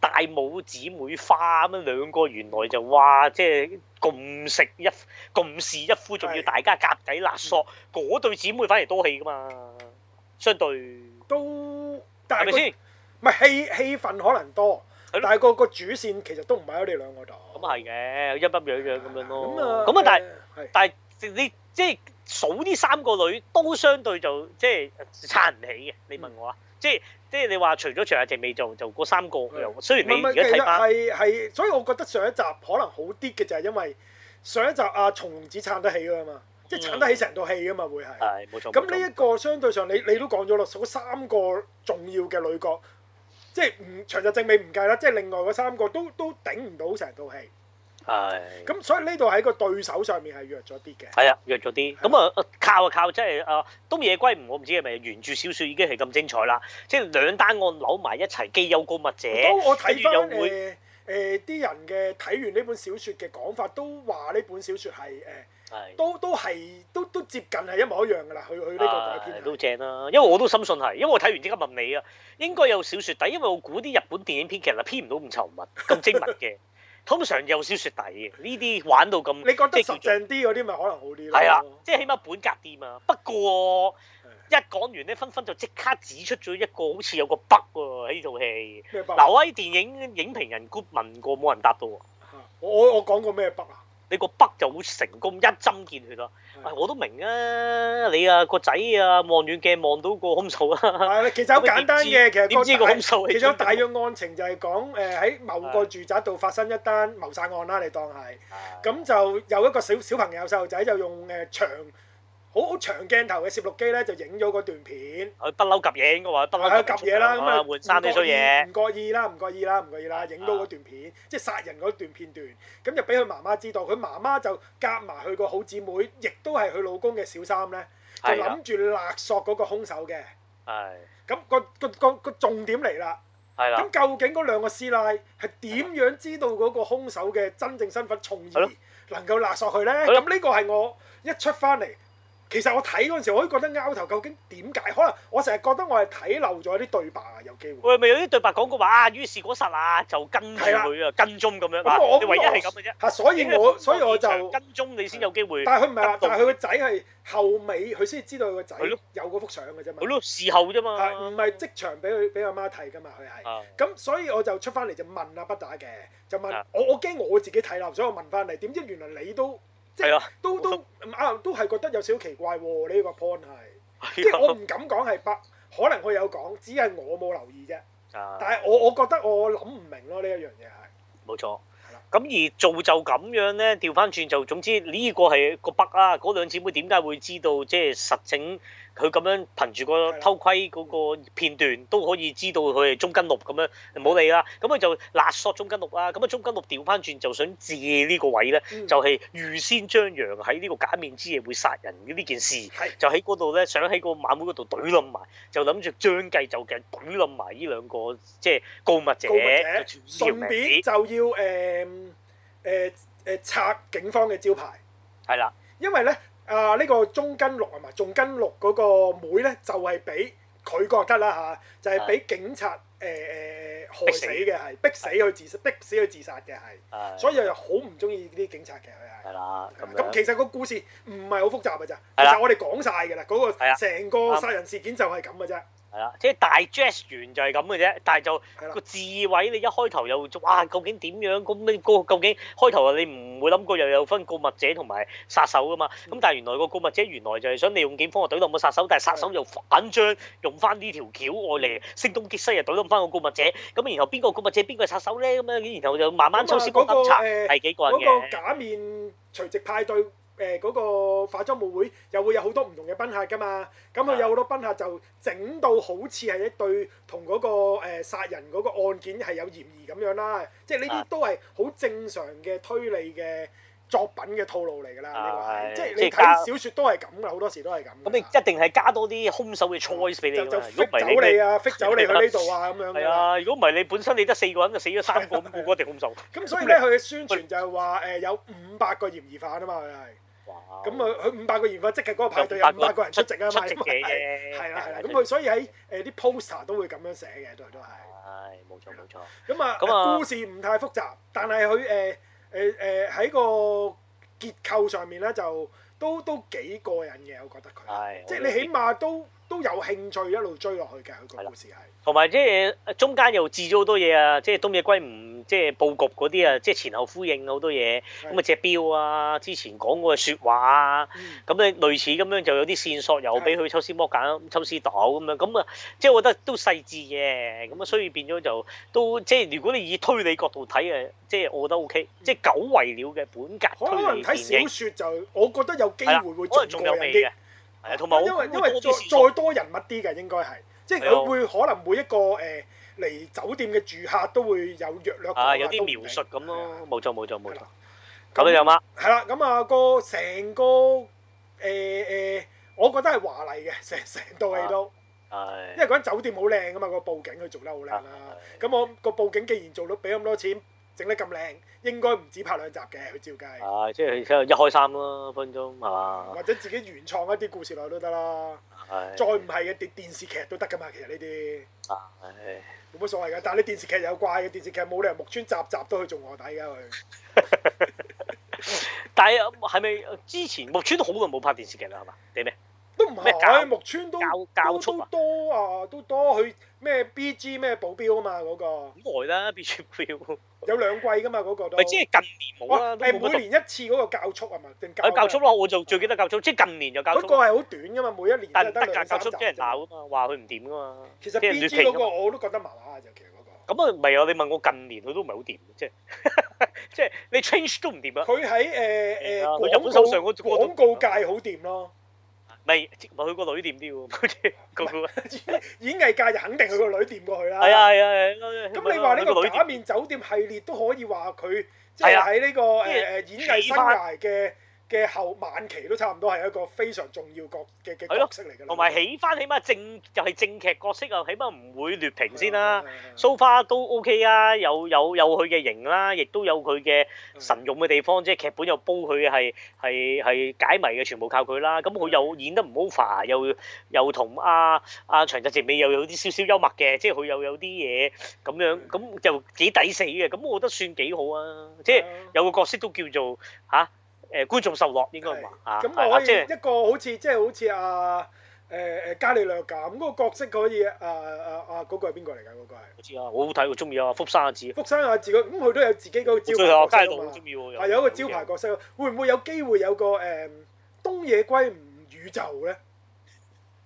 大母姊妹花咁樣兩個，原來就哇！即、就、係、是、共食一共事一夫，仲要大家夾底勒索，嗰、嗯、對姊妹反而多戲㗎嘛。相對都，但係咪先？唔係吧戲戲份可能多，的但係個個主線其實都唔係喺我哋兩個度。咁啊係嘅，一不樣樣咁樣，樣，樣咯。咁啊，嗯、但係是但係你即係。數呢三個女都相對就即係撐唔起嘅，你問我啊，嗯、即係即係你話除咗長日正美就就嗰三個，又對雖然未而家睇係，所以我覺得上一集可能好啲嘅就係因為上一集阿、啊、松子撐得起啊嘛，嗯、即係撐得起成套戲㗎嘛會係，咁呢一個相對上、嗯、你你都講咗啦，數三個重要嘅女角，即係唔長日正美唔計啦，即係另外嗰三個都都、都頂唔到成套戲。係，咁、哎、所以呢度喺個對手上面係弱咗啲嘅。係啊，弱咗啲。咁吧啊，靠啊靠，即係啊《東野圭吾》，我唔知係咪原著小說已經係咁精彩啦，即係兩單案扭埋一齊，機幽高密者。我睇、呃呃、完誒誒啲人嘅睇完呢本小說嘅講法，都話呢本小說係誒、呃哎，都都係都都接近係一模一樣噶啦。佢去呢個改編嚟都正啦，啊，因為我都深信係，因為我睇完即刻問你啊，應該有小說，但因為我估啲日本電影編劇啊，編唔到咁稠密、咁精密嘅。 通常有少少底嘅，呢啲玩到咁，你覺得實正啲嗰啲咪可能好啲咯？係啊，即係起碼本格啲嘛。不過的一講完咧，分分就即刻指出咗一個好似有個 bug 喎喺呢套戲。咩 bug？嗱，喺電影影評人 group 問過冇人答到喎。我我講過咩 bug 啊？你個筆就會成咁一針見血啊。是的、哎！我都明啊，你啊個仔啊望遠鏡望到個兇手啦、啊。係，其實好簡單嘅，知其實個知個兇手其實大約案情就係講誒喺、呃、某個住宅度發生一單謀殺案啦、啊，你當係。咁的就有一個小小朋友、細路仔就用誒長，呃牆好好長鏡頭嘅攝錄機咧，就影咗嗰段片。佢不嬲及嘢，應該話不嬲。佢及嘢啦，咁啊換衫啲衰嘢。唔覺意啦，唔覺意啦，唔覺意啦，影到嗰段片，即係殺人嗰段片段。咁就俾佢媽媽知道，佢媽媽就夾埋佢個好姊妹，亦都係佢老公嘅小三咧，就諗住勒索嗰個兇手嘅。係。咁個個個個重點嚟啦。係啦。咁究竟嗰兩個師奶係點樣知道嗰個兇手嘅真正身份，從而能夠勒索佢咧？咁呢個係我一出翻嚟。其實我睇嗰陣時，我都覺得鈎頭究竟點解？可能我成日覺得我係睇漏咗啲對白啊，有機會。喂，咪有啲對白講過話啊？於是嗰剎、啊、就跟佢的跟蹤咁樣。咁我我唯一係咁嘅啫。嚇，所以我所以我就的跟蹤你先有機會但。但係佢唔係，但係佢個仔係後尾佢先知道佢個仔有嗰幅相嘅啫嘛。佢都事後啫嘛，唔係即場俾佢俾阿媽睇噶嘛，佢係、啊。咁所以我就出翻嚟就問阿不打嘅，就問、啊、我我驚我自己睇漏，所以我問翻你：「點知原來你都。係咯，都、哎、呀都說啊，都係覺得有少少奇怪喎。呢、這個 point 係，哎、呀即係我唔敢講係北，可能佢有講，只係我冇留意啫。哎、呀但係我我覺得我諗唔明咯、啊，呢一樣嘢係冇錯。咁的而造就咁樣咧，調翻轉就總之呢個係個北啊，嗰兩姊妹點解會知道即係、就是、實情？佢咁樣憑住個偷窺嗰個片段都可以知道佢係中根六咁樣，唔好理啦。咁佢就勒索中根六啦。咁啊，中根六掉翻轉就想借呢個位咧，就係、是、預先張揚喺呢個假面之夜會殺人嘅呢件事，就喺嗰度咧，想喺個晚會嗰度懟冧埋，就諗住將計就計懟冧埋呢兩個即係告密者，順便就，就要誒誒誒拆警方嘅招牌，係啦的，因為咧。啊！這個、中中妹妹呢個鍾根六啊嘛，鍾根六嗰個妹咧就係俾佢覺得啦嚇、啊，就係、是、俾警察誒誒、呃、害死嘅係，逼死佢自殺，逼死佢自殺嘅係，啊、所以又好唔中意啲警察嘅佢係。係啦，咁其實個故事唔係好複雜嘅咋，啊、其實我哋講晒㗎啦，嗰、啊、個成個殺人事件就係咁嘅啫。係啦，即係大 dress 完就係咁嘅啫，但係就個的智慧你一開頭又哇究竟點樣咁咧？個究竟開頭你唔會諗過又有分告密者同埋殺手噶嘛？咁、嗯、但係原來個告密者原來就係想利用警方去懟到個殺手，但係殺手又反將的用翻呢條橋愛嚟聲東擊西，又懟到翻個告密者。咁的然後邊個告密者邊個係殺手咧？咁樣，然後就慢慢抽絲剝繭查，係、那個那個呃、幾過癮嘅。假面垂直派對。誒嗰、呃那個化妝舞會又會有好多唔同嘅賓客㗎嘛，咁佢有好多賓客就整到好似係一對同嗰、那個誒、呃、殺人嗰個案件係有嫌疑咁樣啦，即係呢啲都係好正常嘅推理嘅作品嘅套路嚟㗎啦，啊、即係你睇小説都係咁㗎，好多時都係咁。咁你一定係加多啲兇手嘅 choice 俾你、嗯、就如果唔係你啊，逼走你去呢度啊，咁樣。係啊，如果唔係你本身你得四個人就死咗三個，我估嗰條兇手。咁所以咧佢嘅宣傳就係話誒有五百個嫌疑犯啊嘛，佢係。咁啊，佢五百個緣分，即係嗰個排隊有五百個人出席啊，出席㗎嘛？係啦係啦，咁佢所以喺誒啲 poster 都會咁樣寫嘅，都都係。係，冇錯冇錯。咁啊，故事唔太複雜，但係佢誒誒誒喺個結構上面咧，就都都幾過癮嘅，我覺得佢。即係你起碼都。都有興趣一路追落去嘅佢個故事係，同埋即係中間又置咗好多嘢啊！即係東野圭吾即係佈局嗰啲啊，即、就、係、是、前後呼應好多嘢。咁啊隻錶啊，之前講過嘅説話啊，咁咧、嗯、類似咁樣就有啲線索又俾佢抽絲剝繭，的抽絲倒咁樣咁啊，即係我覺得都細緻嘅。咁啊，所以變咗就都即係、就是、如果你以推理角度睇啊，即、就、係、是、我覺得 OK。即係久違了嘅本格推理電影。可能睇小説就嗎我覺得有機會仲有過嘅。因為因為再再多人物啲嘅應該係，即係佢會可能每一個誒嚟酒店嘅住客都會有約略有啲描述咁咯，冇錯冇錯冇錯。咁又點啊？係啦，咁啊個成個誒誒，我覺得係華麗嘅成成套戲都，因為嗰間酒店好靚啊嘛，個佈景佢做得好靚啦。咁我個佈景既然做到俾咁多錢。整得咁靚，應該唔止拍兩集嘅，佢照計。係、啊，即係佢一開三咯，一分鐘係嘛？或者自己原創一啲故事內都得啦。哎、呀再唔係嘅電電視劇都得噶嘛，其實呢啲。啊、哎呀。冇乜所謂㗎，但係你電視劇有怪嘅，電視劇冇理由木村集集都去做臥底㗎佢。但係係咪之前木村都好耐冇拍電視劇啦？係嘛？定咩？都唔係木村都教教速多啊，都多佢咩 B.G. 咩保鏢啊嘛嗰個。咁耐啦，B.G. 保鏢有兩季噶嘛嗰個都。咪即係近年冇啦，都冇。係每年一次嗰個教速啊嘛，定教？教速咯，我就最記得教速，即係近年就教速。嗰個係好短噶嘛，每一年。但係但係教教速即係鬧啊嘛，話佢唔掂噶嘛。其實 B.G. 嗰個我都覺得麻麻就，其實嗰個。咁啊，唔係啊，你問我近年佢都唔係好掂，即係即係你 change 都唔掂啊。佢喺誒誒，佢廣告上個廣告界好掂咯。未，唔係去過旅店啲喎，好 似是 演藝界就肯定去過旅店過去啦。係啊係啊，咁、啊啊啊啊啊、你話呢個假面酒店系列都可以話佢即係喺呢個誒誒、啊呃、演藝生涯嘅。 嘅後晚期都差唔多係一個非常重要角嘅嘅角色嚟嘅，同埋起返起碼正就係正劇角色啊，起碼唔會劣評先啦。So far 都 OK 啊，有有有佢嘅型啦，亦都有佢嘅神勇嘅地方，即係劇本又煲佢係係係解謎嘅，全部靠佢啦。咁佢又演得唔 over，又又同阿阿長澤雅美又有啲少少幽默嘅，即係佢又有啲嘢咁樣，咁就幾抵死嘅。咁我覺得算幾好啊，即係有個角色都叫做嚇。誒觀眾受落應該唔係？咁我可以一個好似即係好似阿誒誒伽利略咁嗰個角色可以啊啊啊嗰個係邊個嚟㗎？嗰個係我知啊，好好睇喎，鍾意啊，福山雅治。福山雅治咁佢都有自己嗰個招牌角色啊，有個招牌角色，會唔會有機會有個誒東野圭吾宇宙咧？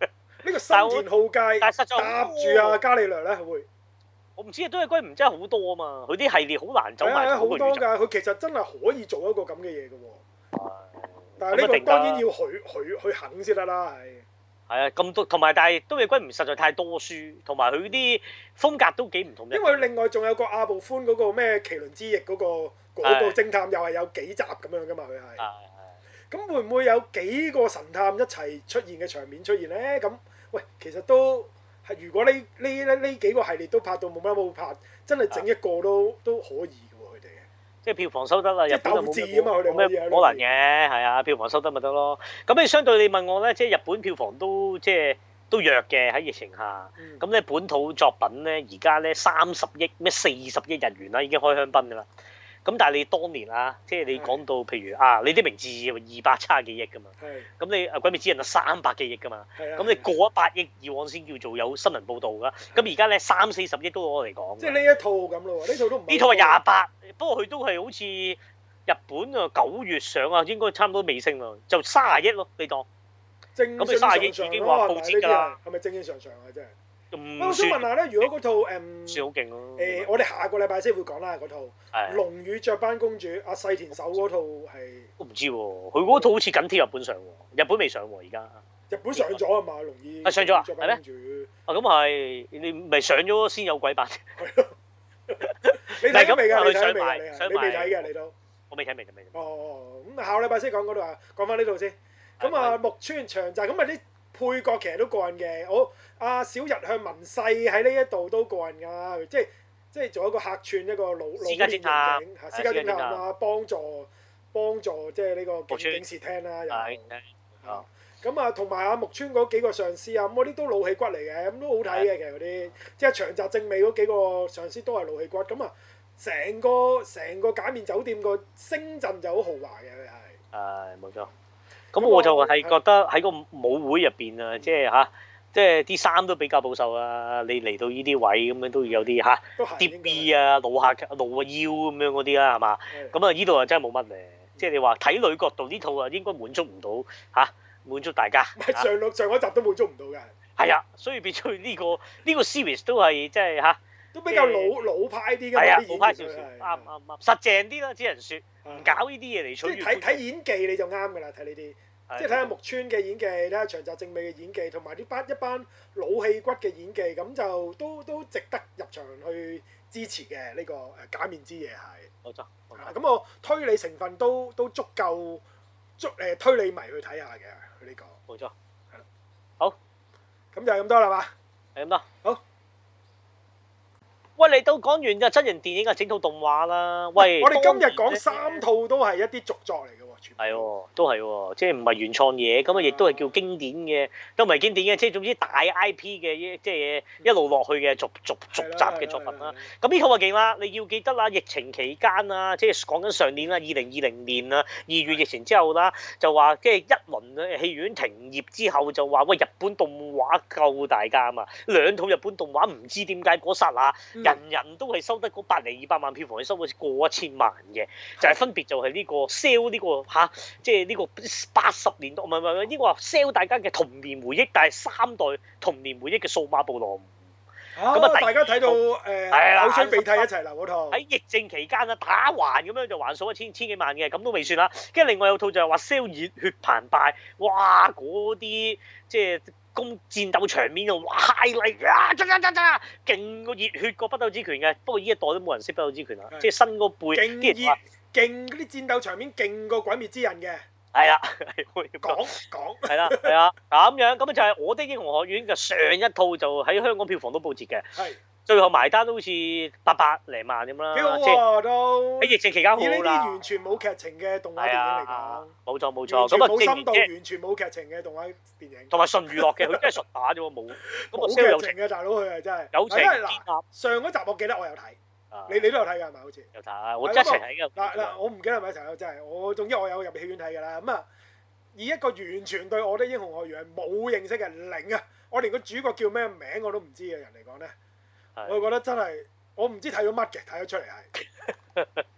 呢個十年好佳搭住啊，伽利略咧，會？我唔知啊，東野圭吾真係好多啊嘛，佢啲系列好難走埋嗰個宇宙。係啊，好多㗎，佢其實真係可以做一個咁嘅嘢㗎喎。咁啊！當然要許許許肯先得啦，係。係啊，咁多同埋，但係都亦均唔實在太多書，同埋佢啲風格都幾唔同。因為另外仲有個阿部寬嗰個咩《麒麟之翼》嗰個偵探，又係有幾集咁樣噶嘛，佢係。啊咁會唔會有幾個神探一齊出現嘅場面出現咧？咁喂，其實都係如果呢呢呢呢幾個系列都拍到冇乜冇拍，真係整一個都都可以。的即係票房收得啦，日本冇冇冇咩可能嘅，係啊的票房收得咪得咯。咁你相對你問我咧，即係日本票房都即係都弱嘅喺疫情下。咁咧、嗯、本土作品咧，而家咧三十億咩四十億日元啦，已經開香檳噶啦。咁但係你當年啊，即係你講到譬如啊，你啲名字二百差幾億噶嘛，咁是的 你啊鬼滅之刃啊三百幾億噶嘛，咁是的 你過一百億以往先叫做有新聞報道㗎，咁而家咧三四十億都攞嚟講，即係呢一套咁咯呢套都呢套係廿八，不過佢都係好似日本啊九月上啊，應該差唔多未升啊，就卅啊億咯你當，咁佢卅啊億已經話報捷㗎啦，係咪正正常常啊？真係？我想問下咧，如果嗰套誒，算好勁囉，誒，我哋下個禮拜先會講啦，嗰套《龍與雀斑公主》阿細田守嗰套係。我唔知喎，佢嗰套好似緊貼日本上喎，日本未上喎而家。日本上咗啊嘛，《龍與雀斑公主》。啊上咗啊？係咩？啊咁係，你咪上咗先有鬼版。係咯。你睇咗未㗎？我未睇明你啊！你未睇㗎嚟到。我未睇明就未。哦，咁下個禮拜先講嗰度啊！講返呢度先。咁啊，木村長澤咁啊啲。配角其實都過癮嘅，我阿小日向文世喺呢一度都過癮㗎，即係即係做一個客串一個老老演警，私家偵探啊，幫助幫助即係呢個警視村廳啦，又係咁啊，同埋阿木村嗰幾個上司啊，咁嗰啲都老戲骨嚟嘅，咁都好睇嘅其實嗰啲，即係長澤正美嗰幾個上司都係老戲骨，咁啊成個成個，個假面酒店個星陣就好豪華嘅佢係。係冇、嗯、錯。咁我就係覺得喺個舞會入邊啊，即係吓，即係啲衫都比較保守啊。你嚟到呢啲位咁樣都要有啲吓，疊 B 啊，露下腳，露個腰咁樣嗰啲啦，係嘛？咁啊，呢度啊真係冇乜咧。即係你話睇女角度呢套啊，應該滿足唔到嚇，滿足大家。上兩上嗰集都滿足唔到㗎。係啊，所以變咗呢個呢個 series 都係即係吓，都比較老老派啲㗎嘛啲嘢。老派少少。啱啱啱，實正啲啦，只能説唔搞呢啲嘢嚟取悅。睇睇演技你就啱㗎啦，睇呢啲。即係睇下木村嘅演技，睇下長澤正美嘅演技，同埋啲班一班老戲骨嘅演技，咁就都都值得入場去支持嘅呢、這個誒假面之夜係。冇錯。嚇，咁我推理成分都都足夠足誒推理迷去睇下嘅，你、這、講、個。冇錯。係的。好。咁就係咁多啦嘛。係咁多。好。喂，嚟到講完嘅真人電影啊，整套動畫啦。喂。我哋今日講三套都係一啲續作嚟嘅。係喎，都係喎，即係唔係原創嘢，咁啊亦都係叫經典嘅，都唔係經典嘅，即係總之大 IP 嘅，即係一路落去嘅續續續集嘅作品啦。咁呢套啊勁啦，你要記得啦，疫情期間啊，即係講緊上年啦，二零二零年啊，二月疫情之後啦，就話即係一輪戲院停業之後就，就話喂日本動畫救大家啊嘛，兩套日本動畫唔知點解嗰剎那人人都係收得嗰百零二百萬票房，收過千萬嘅，的就係分別就係呢個燒呢個。嚇！即係呢個八十年代唔係唔係應該話 sell 大家嘅童年回憶，但係三代童年回憶嘅《數碼暴龍》。咁啊，大家睇到誒口水鼻涕一齊流嗰套。喺疫症期間啊，打橫咁樣就還數一千千幾萬嘅，咁都未算啦。跟住另外有套就係話 sell 熱血澎湃，哇！嗰啲即係攻戰鬥場面又哇係嚟啊！喳喳喳勁過熱血過北斗之拳嘅。不過依一代都冇人識北斗之拳啦，即係新嗰輩。勁嗰啲戰鬥場面勁過《鬼滅之刃》嘅，係啦，講講係啦，係啊，咁樣咁就係《我的英雄學院》嘅上一套就喺香港票房都報捷嘅，係最後埋單都好似八百零萬咁啦，都喺疫情期間好啦，完全冇劇情嘅動畫電影嚟講，冇錯冇錯，完全冇深度，完全冇劇情嘅動畫電影，同埋純娛樂嘅，佢真係純打啫喎，冇咁啊，消友情嘅大佬佢啊真係，因為嗱上嗰集我記得我有睇。你你都有睇噶係咪？好似有睇，我一齊睇嗱嗱，我唔記得係咪一齊咯。真係我總之我有入戲院睇嘅啦。咁啊，以一個完全對我的英雄學院係冇認識嘅零啊，我連個主角叫咩名我都唔知嘅人嚟講咧，的我覺得真係我唔知睇咗乜嘅，睇到出嚟係。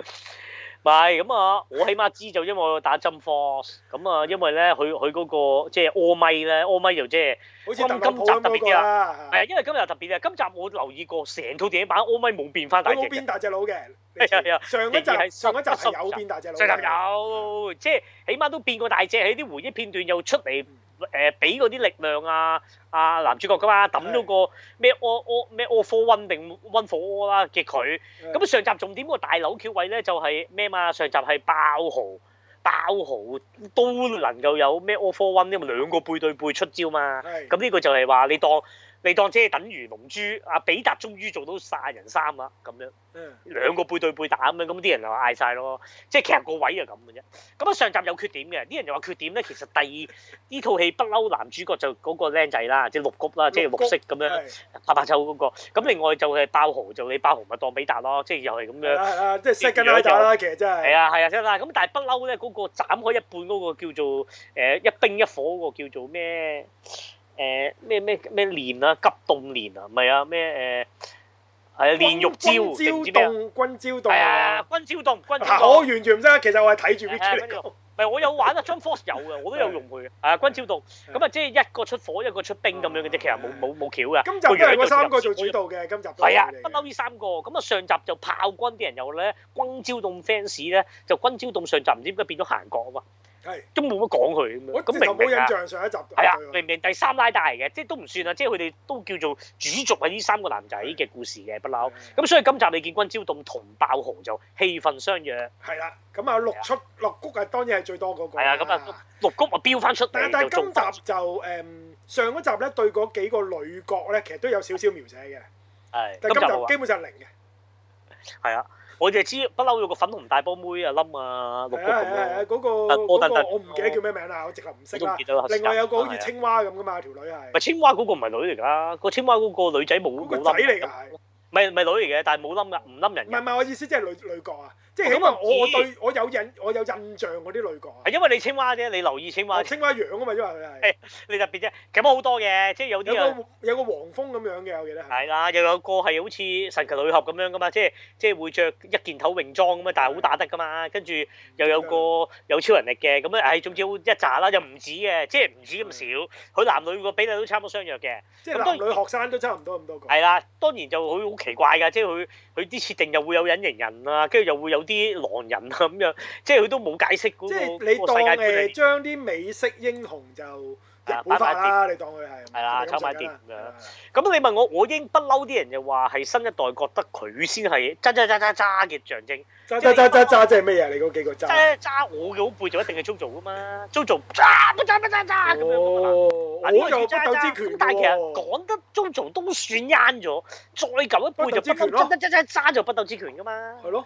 唔係咁啊！我起碼知就因為我打 Jump Force 咁啊，因為咧佢佢嗰個即係奧米咧，奧米就即係今今集特別啲啦！係啊，因為今日又特別啲啊！今集我留意過成套電影版奧米冇變翻大隻，有變大隻佬嘅係啊係啊，上一集係上一集係有變大隻佬，上一集有即係起碼都變過大隻，喺啲回憶片段又出嚟。嗯誒俾嗰啲力量啊！啊男主角㗎嘛，揼咗個咩？All All 咩？All For One 定 One For All 啦，擊佢。咁上集重點個大扭橋位咧，就係、是、咩嘛？上集係爆豪，爆豪都能夠有咩？All For One 因為，兩個背對背出招嘛。咁呢是的 個就係話你當。你當即係等如龍珠，阿比達終於做到殺人三啊咁樣，兩個背對背打咁樣，咁啲人就嗌晒咯。即係其實個位就咁嘅啫。咁啊上集有缺點嘅，啲人又話缺點咧。其實第二依套 戲不嬲男主角就嗰個僆仔啦，即係綠谷啦，即係綠，谷綠色咁樣，白白抽嗰個。咁另外就係爆豪，就你爆豪咪當比達咯，即係又係咁樣。即係石根拉啦，就是、其實真係。係啊係啊，石拉咁，但係不嬲咧，嗰個斬開一半嗰個叫做誒、呃、一冰一火嗰個叫做咩？誒，咩咩咩，連啊急凍連，啊唔係， 啊咩誒，係啊煉獄招定唔知轟焦凍？係啊轟焦凍軍。我完全唔知啊，其實我係睇住 VTR 嚟講。唔係，我有玩啊 j Force 有嘅，我都有用佢嘅。係 啊，轟焦凍。咁啊，即係一個出火，一個出冰咁、啊、樣嘅啫。其實冇冇冇橋嘅。咁就係嗰三個做主導嘅。今集係啊，不嬲呢三個。咁啊，上集就炮轟啲人又咧轟焦凍 fans 咧，就轟焦凍上集唔知點解變咗行國啊嘛。都冇乜講佢咁樣，咁明冇印象上一集係啊，對明明第三拉大嚟嘅，即係都唔算啊，即係佢哋都叫做主軸係呢三個男仔嘅故事嘅是的 不嬲。咁是的 所以今集李建君招動同爆豪就氣氛相若。係啦，咁啊，六出綠谷啊，當然係最多嗰個。係啊，咁啊，綠谷啊，飆翻出。但係今集就誒，上嗰集咧對嗰幾個女角咧，其實都有少少描寫嘅。係的。但係今集基本上零嘅。係啊。我淨係知不嬲，有個粉紅大波妹啊冧啊，綠谷咁樣。係係係，嗰個嗰個我唔記得叫咩名啦，我直頭唔識啦。另外有個好似青蛙咁噶嘛，條女係。咪青蛙嗰個唔係女嚟噶？個青蛙嗰個女仔冇冧。個仔嚟噶係，咪咪女嚟嘅，但係冇冧噶，唔冧人。唔係唔係，我意思即係女女角啊。即係起碼我對我有印我有印象嗰啲女角啊，因為你青蛙啫，你留意青蛙。哦、青蛙養啊嘛，因為佢係。你特別啫，咁好多嘅，即係有啲有，有個有個黃蜂咁樣嘅，我記得係。係、啊哎、啦，又有個係好似神奇女俠咁樣噶嘛，即係即係會着一件頭泳裝咁啊，但係好打得噶嘛。跟住又有個有超能力嘅，咁咧誒，總之好一紮啦，又唔止嘅，即係唔止咁少。佢、嗯、男女個比例都差唔多相約嘅。即係男女學生都差唔多咁多個。係啦、嗯啊，當然就好好奇怪㗎，即係佢佢啲設定又會有隱形人啊，跟住又會有。啲狼人啊咁樣，即係佢都冇解釋嗰個世界觀。即係你當係將啲美式英雄就日本啲。你當佢係。係啦，炒埋啲咁樣。咁你問我，我已經不嬲啲人就話係新一代覺得佢先係揸揸揸揸揸嘅象徵。揸揸揸揸揸即係咩嘢？你嗰幾個揸揸我嘅老輩就一定係 JoJo 噶嘛。JoJo 揸不揸不揸揸咁樣噶嘛。我有北斗之拳。咁但係其實講得 JoJo 都算啱咗，再舊一輩就不不不不揸就北斗之拳噶嘛。係咯。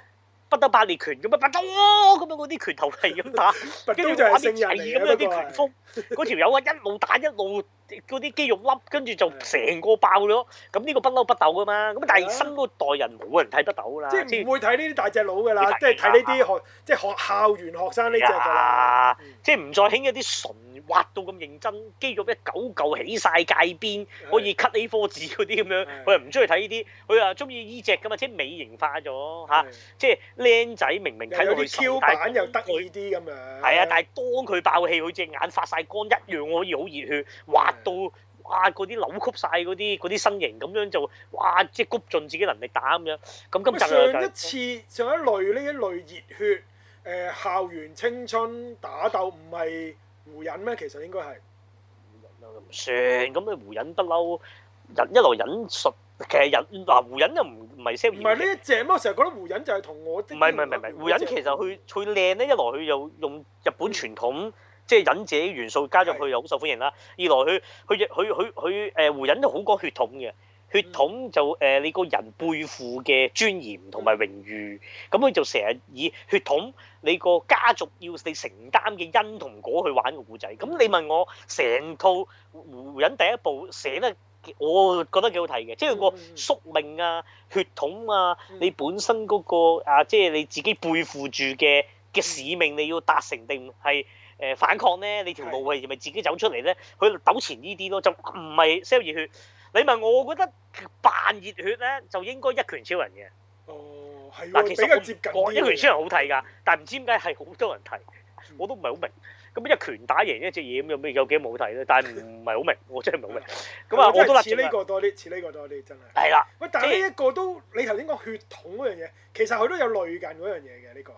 不得百裂拳咁啊，百裂咁樣嗰啲拳頭嚟咁打，跟住玩啲詐意咁樣啲拳風。嗰條友啊，一路打一路嗰啲肌肉粒，跟住就成個爆咗。咁呢個北斗北斗㗎嘛，咁但係新嗰代人冇人睇得到啦、啊。即係唔會睇呢啲大隻佬㗎啦，即係睇呢啲學即係學校園學生呢隻㗎啦，啊嗯、即係唔再興一啲純。畫到咁認真，肌肉一九嚿起晒界邊，可以 cut 呢科字嗰啲咁樣，佢又唔中意睇呢啲，佢又中意呢隻㗎嘛，即係美型化咗嚇是的、啊，即係靚仔明明睇到佢，版但係是又得我呢啲咁樣。係啊，但係當佢爆氣，佢隻眼發晒光，一樣我可以好熱血，畫到哇嗰啲扭曲晒嗰啲啲身形咁樣就哇，即係谷盡自己能力打咁樣。咁咁次上一次上一類呢一類熱血誒、呃，校園青春打鬥唔係。湖人咩？其實應該係。唔算咁，你胡人不嬲，人一來忍術，其實忍。嗱湖人又唔唔係聲。唔係呢一隻咩？我成日覺得胡人就係同我唔係唔係唔係。唔係唔係唔係唔係，湖人其實佢佢靚咧。一來佢又用日本傳統、嗯、即係忍者元素加入去，又好受歡迎啦。是二來佢佢佢佢佢誒湖人都好講血統嘅血統就誒、呃、你個人背負嘅尊嚴同埋榮譽，咁佢、嗯、就成日以血統。你個家族要你承擔嘅因同果去玩個故仔，咁你問我成套《胡忍》胡第一部寫得我覺得幾好睇嘅，即係個宿命啊、血統啊、你本身嗰、嗰個啊，即係你自己背負住嘅嘅使命你達、呃，你要達成定係誒反抗咧？你條路係咪自己走出嚟咧？佢糾纏呢啲咯，就唔係 sell 熱血。你問我，我覺得扮熱血咧，就應該一拳超人嘅。嗱，其實我一拳超人好睇㗎，但係唔知點解係好多人睇，我都唔係好明。咁一拳打贏一隻嘢咁，有咩有幾冇睇咧？但係唔係好明，我真係唔明。咁啊，我都似呢個多啲，似呢個多啲，真係。係啦。喂，但係呢一個都你頭先講血統嗰樣嘢，其實佢都有類近嗰樣嘢嘅呢個。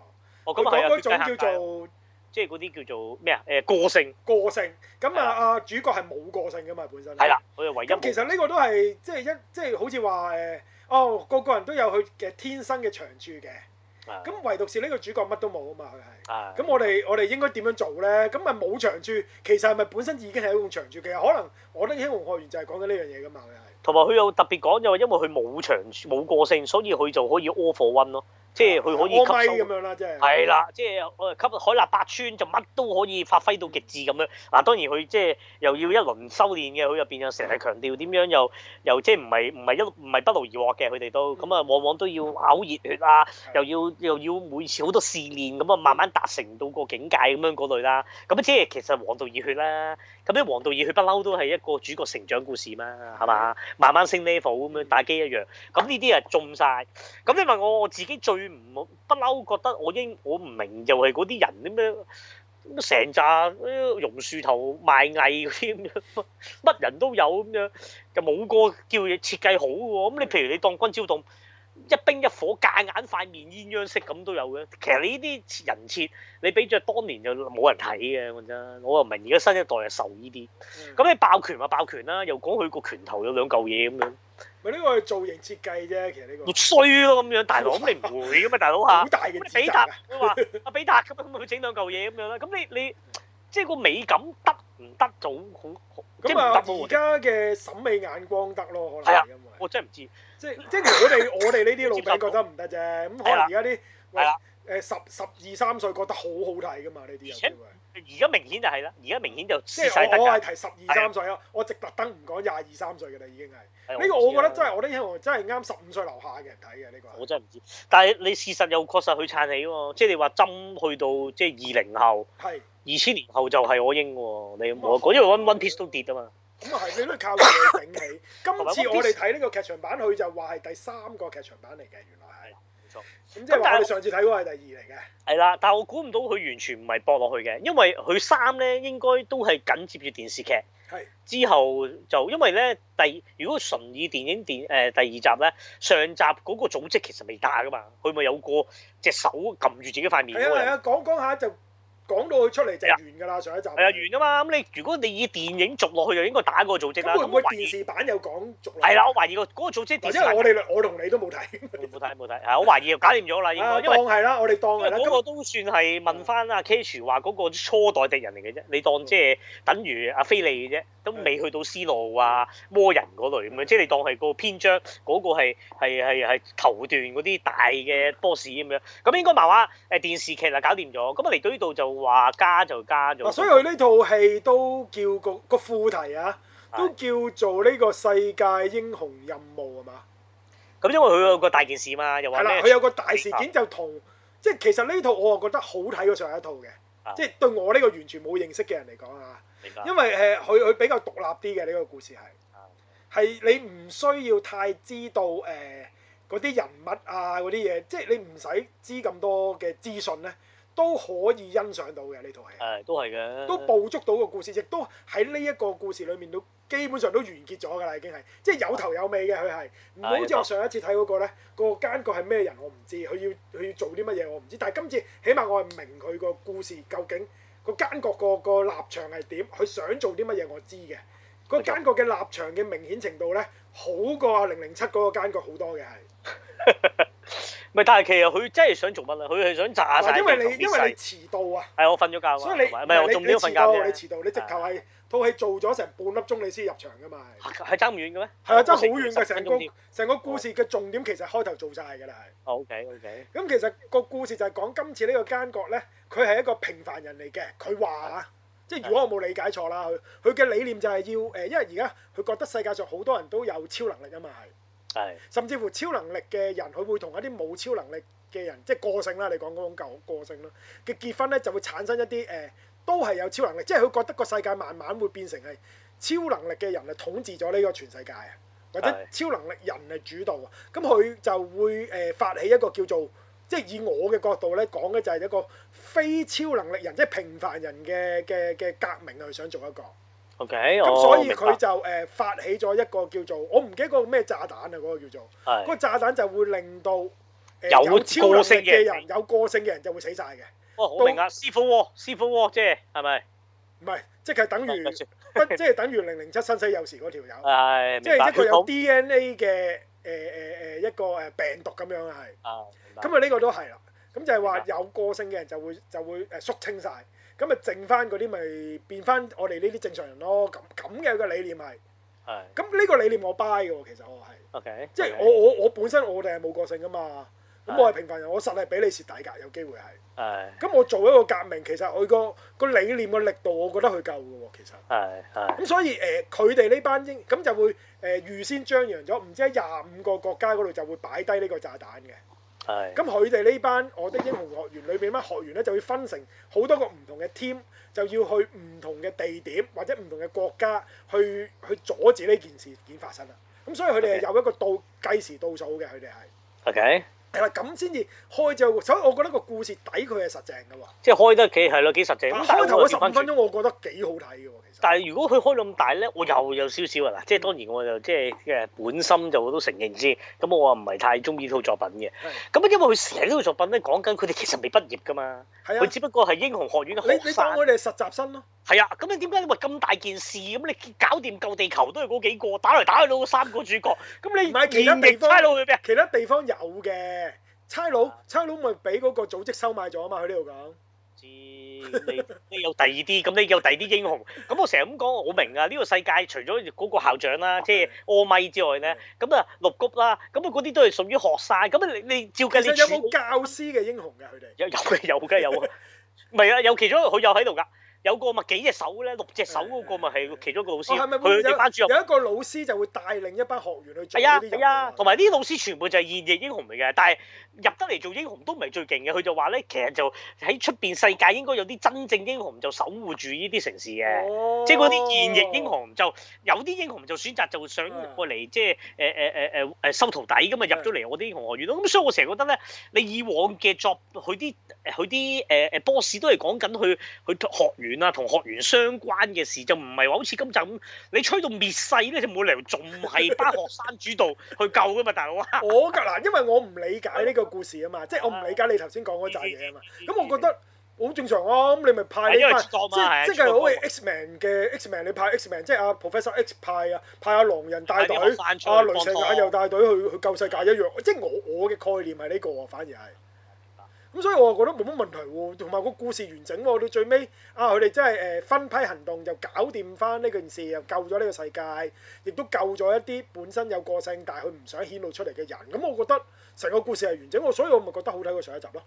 哦，咁係嗰種叫做即係嗰啲叫做咩啊？誒，個性。個性。咁啊啊，主角係冇個性㗎嘛，本身。係啦。佢就唯一。其實呢個都係即係一即係好似話誒。哦，個個人都有佢嘅天生嘅長處嘅，咁的唯獨是呢個主角乜都冇啊嘛，佢係，咁的我哋我哋應該點樣做咧？咁咪冇長處，其實係咪本身已經係一種長處？其實可能《我的英雄學院》就係講緊呢樣嘢噶嘛，佢係。同埋佢又特別講，又話因為佢冇長處冇個性，所以佢就可以 all for one 咯。即係佢可以吸收，咁係啦，的即係誒吸海納百川就乜都可以發揮到極致咁樣。嗱，當然佢即係又要一輪修練嘅，佢入面又成日強調點樣又又即係唔係唔係一唔係不勞而獲嘅，佢哋都咁啊，往往都要咬熱血啊，又要又要每次好多試練咁啊，慢慢達成到個境界咁樣嗰類啦。咁即係其實王道熱血啦。咁啲王道熱血不嬲都係一個主角成長故事嘛，係嘛？慢慢升 level 咁樣打機一樣。咁呢啲啊中晒。咁你問我我自己最～佢唔好不嬲，覺得我應我唔明，就係嗰啲人啲咩成扎榕樹頭賣藝嗰啲，乜人都有咁樣，就冇個叫嘢設計好喎。咁你譬如你當軍招動一冰一火夾硬塊面鴛鴦式咁都有嘅。其實你呢啲人設，你比着當年就冇人睇嘅陣。我又唔明而家新一代係受呢啲。咁你爆拳咪爆拳啦，又講佢個拳頭有兩嚿嘢咁樣。咪呢個係造型設計啫，其實呢個。衰咯咁樣，哇大佬哥，咁、啊、你唔會咁嘛，大佬嚇。好大嘅。比達，我話阿比達咁樣去整兩嚿嘢咁樣啦。咁你你即係個美感得唔得？總好。咁啊，而家嘅審美眼光得咯，啊、可能係因為我真係唔知即。即即係如果你我哋呢啲老餅覺得唔得啫，咁、 啊、可能而家啲誒十十二三歲覺得好好睇噶嘛，呢啲人。而家明顯就係啦，而家明顯就即係我係提十二三歲啊，的我直特登唔講廿二三歲嘅啦，已經係。呢的個我覺得真係我啲聽，啊、我真係啱十五歲樓下嘅人睇嘅呢個。我真係唔、這個、知，但係你事實又確實去撐起喎，即係你話針去到即係二零後，二千年後就係我英喎，你冇得講，因為 One Piece 都跌啊嘛。咁啊係，你都係靠佢整起。 今次我哋睇呢個劇場版，佢就話係第三個劇場版嚟嘅。咁但係你上次睇嗰個係第二嚟嘅，係啦，但係我估唔到佢完全唔係搏落去嘅，因為佢三咧應該都係緊接住電視劇，係是之後就因為咧第如果純以電影電誒第二集咧，上集嗰個組織其實未打噶嘛，佢咪有個隻手撳住自己塊面，係啊，啊，講講下就。講到佢出嚟就完㗎啦，的上一集係啊，完㗎嘛！咁你如果你以電影續落去，就應該打嗰個組織啦。咁會唔會電視版有講續？係啦，我懷疑個嗰、那個組織，因為我哋我同你都冇睇。冇睇冇睇，我懷疑搞掂咗啦，應該。啊、因為當係啦、啊，我哋當係啦、啊。嗰個都算係今問翻阿 K 樹話嗰個初代敵人嚟嘅啫，你當即、就、係、是嗯、等於阿菲利嘅啫，都未去到思路啊魔人嗰類咁、嗯那個、樣，即係你當係個篇章嗰個係係係係頭段嗰啲大嘅 boss 咁樣。咁應該漫畫誒電視劇就搞掂咗，咁啊嚟到呢度就。話加就加咗，所以佢呢套戲都叫個個副題啊，的都叫做呢個世界英雄任務啊嘛？咁因為佢有個大件事嘛，又話係啦，佢有個大事件就同的即係，其實呢套我啊覺得好睇過上一套嘅，的即係對我呢個完全冇認識嘅人嚟講啊，的因為誒，佢佢比較獨立啲嘅呢個故事係，係的你唔需要太知道誒嗰啲人物啊嗰啲嘢，即係你唔使知咁多嘅資訊咧，都可以欣賞到嘅呢套戲，都係嘅，都捕捉到個故事，亦都喺呢一個故事裏面都基本上都完結咗㗎啦，已經係，即係有頭有尾嘅佢係，唔好似我上一次睇嗰個咧，個奸角係咩人我唔知，佢要佢要做啲乜嘢我唔知，但係今次起碼我係明佢個故事究竟個奸角個個立場係點，佢想做啲乜嘢我知嘅，嗯、個奸角嘅立場嘅明顯程度呢，好過阿零零七嗰個奸角好多嘅係。 唔係，但係其實佢真係想做乜咧？佢係想炸曬佢。因為你因為你遲到啊。係我瞓咗覺啊。所以你唔係我仲要瞓覺咩？你遲到，你直頭係套戲做咗成半粒鐘，你先入場噶嘛。係爭唔遠嘅咩？係啊，爭好遠嘅，成個成個故事嘅重點其實開頭做晒㗎啦。OK OK。咁其實個故事就係講今次呢個奸角咧，佢係一個平凡人嚟嘅。佢話啊，即係如果我冇理解錯啦，佢佢嘅理念就係要誒，因為而家佢覺得世界上好多人都有超能力㗎嘛，係。甚至乎超能力嘅人，佢會同一啲冇超能力嘅人，即係個性啦。你講嗰種舊個性啦，嘅結婚咧就會產生一啲誒、呃、都係有超能力，即係佢覺得個世界慢慢會變成係超能力嘅人嚟統治咗呢個全世界啊，或者超能力人嚟主導啊。咁佢是的 就會誒、呃、發起一個叫做，即係以我嘅角度咧講嘅，講就係一個非超能力人，即係平凡人嘅嘅嘅革命啊，佢想做一個。咁 Okay ,、oh, 嗯、所以佢就誒、呃、發起咗一個叫做，我唔記得個咩炸彈啊，嗰、那個叫做，嗰是個炸彈就會令到、呃、有超能力嘅人、有個性嘅人就會死晒嘅。哦，好明啊，到啊！師父喎、啊，師父喎，即係係咪？唔係，即係等於，啊、 即係等於零零七生死有時嗰條友。係，即係、呃呃、一個有 DNA 嘅誒誒誒一個誒病毒咁樣啊，係。啊，明白。咁啊，呢個都係啦。咁就係話有個性嘅人就會就會誒肅清曬。咁咪剩翻嗰啲咪變翻我哋呢啲正常人咯，咁咁嘅個理念係。係的。咁呢個理念我 buy 嘅喎，其實 Okay, 我係。O okay . K。即係我我我本身我哋係冇個性噶嘛，咁的我係平凡人，我實係畀你蝕底㗎，有機會係。係的。咁我做一個革命，其實佢個個理念嘅力度，我覺得佢夠嘅喎，其實。係的。咁所以誒，佢哋呢班英咁就會誒、呃、預先張揚咗，唔知喺廿五個國家嗰度就會擺低呢個炸彈嘅。咁佢哋呢班我的英雄學院裏邊班學員呢？就會分成好多個唔同嘅 team，就要去唔同嘅地點或者唔同嘅國家去去阻止呢件事件發生啦。咁所以佢哋係有一個倒 Okay. 計時倒數嘅，佢哋係。OK。.係啦，咁先至開咗，所以我覺得個故事抵佢係實淨㗎喎。即係開得幾係咯幾實淨？咁開頭十五分鐘我覺得幾好睇嘅喎，其實。但係如果佢開到咁大咧，我又有少少啊嗱，嗯、即係當然我就即係嘅本心就都承認先。咁我唔係太中意套作品嘅。咁的因為佢成套作品咧講緊佢哋其實未畢業㗎嘛。佢的只不過係英雄學院嘅學生。佢哋係實習生咯？係啊，咁你點解你喂咁大件事咁你搞掂救地球都係嗰幾個打嚟打去都三個主角。咁 你其他地方其他地方，其他地方有嘅。差佬，差佬咪俾嗰個組織收買咗啊嘛！佢呢度講，你你有第二啲，咁 你有第二啲英雄。咁我成日咁講，我明啊！呢、這個世界除咗嗰個校長啦、啊， 即係阿咪之外咧，咁 啊，綠谷啦，咁啊嗰啲都係屬於學生。咁啊，你你照計你。其實有冇教師嘅英雄㗎？佢哋有有嘅有嘅有啊，唔係 啊，有其中一個佢有喺度㗎。有個咪幾隻手咧，六隻手嗰個咪係其中一個老師，佢哋班主任。有一個老師就會帶另一班學員去做呢啲嘢。係啊，同埋呢啲老師全部就係現役英雄嚟嘅，但係入得嚟做英雄都唔係最勁嘅。佢就話咧，其實就喺出邊世界應該有啲真正英雄就守護住呢啲城市嘅，哦、即係嗰啲現役英雄就有啲英雄就選擇就想過嚟，即係誒誒誒誒誒收徒弟咁啊，入咗嚟我啲英雄學院咯。咁的、呃、所以我成日覺得咧，你以往嘅作佢啲佢啲誒誒 boss 都係講緊去去，去，去，去，去，去學員。同學員相關嘅事就唔係話好似今集咁，你吹到滅世呢，就冇理由仲係班學生主導去救噶嘛，大佬啊！我噶嗱，因為我唔理解呢個故事啊嘛，即係我唔理解你頭先講嗰扎嘢啊嘛。咁我覺得好正常咯。咁你咪派你班即即係好似 Xman 嘅 Xman，你派 Xman，即係阿 Professor X 派啊，派阿狼人帶隊，阿雷射眼又帶隊去去救世界一樣。即係我我嘅概念係呢個啊，反而係。咁所以我又覺得冇乜問題喎，同埋個故事完整喎，到最尾啊，佢哋真係誒分批行動就搞掂返呢件事，又救咗呢個世界，亦都救咗一啲本身有個性但係佢唔想顯露出嚟嘅人。咁我覺得成個故事係完整喎，所以我咪覺得好睇過上一集咯。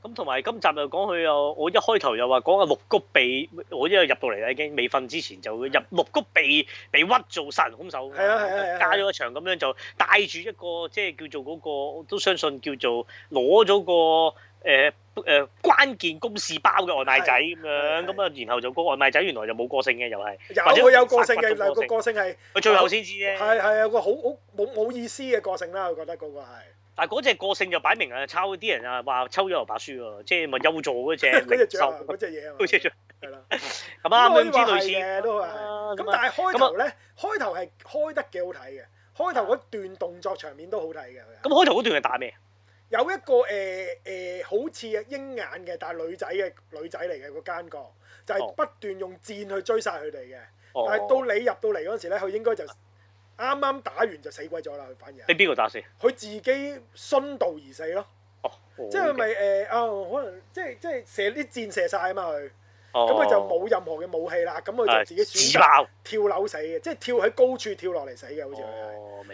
咁同埋今集又講佢又，我一開頭又話講阿綠谷鼻，我因為入到嚟啦已經未瞓之前就入綠谷鼻被屈做殺人兇手，係啊係啊係啊，加咗一場咁樣就帶住一個即係叫做嗰個，我都相信叫做攞咗個誒誒關鍵公事包嘅外賣仔咁樣，咁啊，然後就個外賣仔原來就冇個性嘅，又係或者佢有個性嘅，例如個個性係佢最後先知啫，係係有個好好冇冇意思嘅個性啦，我覺得嗰個係。但係嗰隻個性就擺明啊，抄啲人啊話抽咗又白書喎，即係咪優作嗰隻？嗰隻雀啊，隻嘢啊嘛。係啦，咁啊知類似都係。咁但係開頭咧，開頭係開得幾好睇嘅，開頭嗰段動作場面都好睇嘅。咁開頭嗰段係打咩？有一個誒誒、呃呃、好似鷹眼嘅，但係女仔嘅女仔嚟嘅個奸角，就係、是、不斷用箭去追殺佢哋嘅。Oh. 但係到你入到嚟嗰陣時咧，佢應該就啱啱打完就死鬼咗啦。佢反而，俾邊個打先？佢自己殉道而死咯。哦、oh, okay.，即係咪誒？啊，可能即係即係射啲箭射晒啊嘛佢。咁佢就冇任何嘅武器啦，咁佢就自己自爆，跳樓死嘅，即係跳喺高處跳落嚟死嘅，好似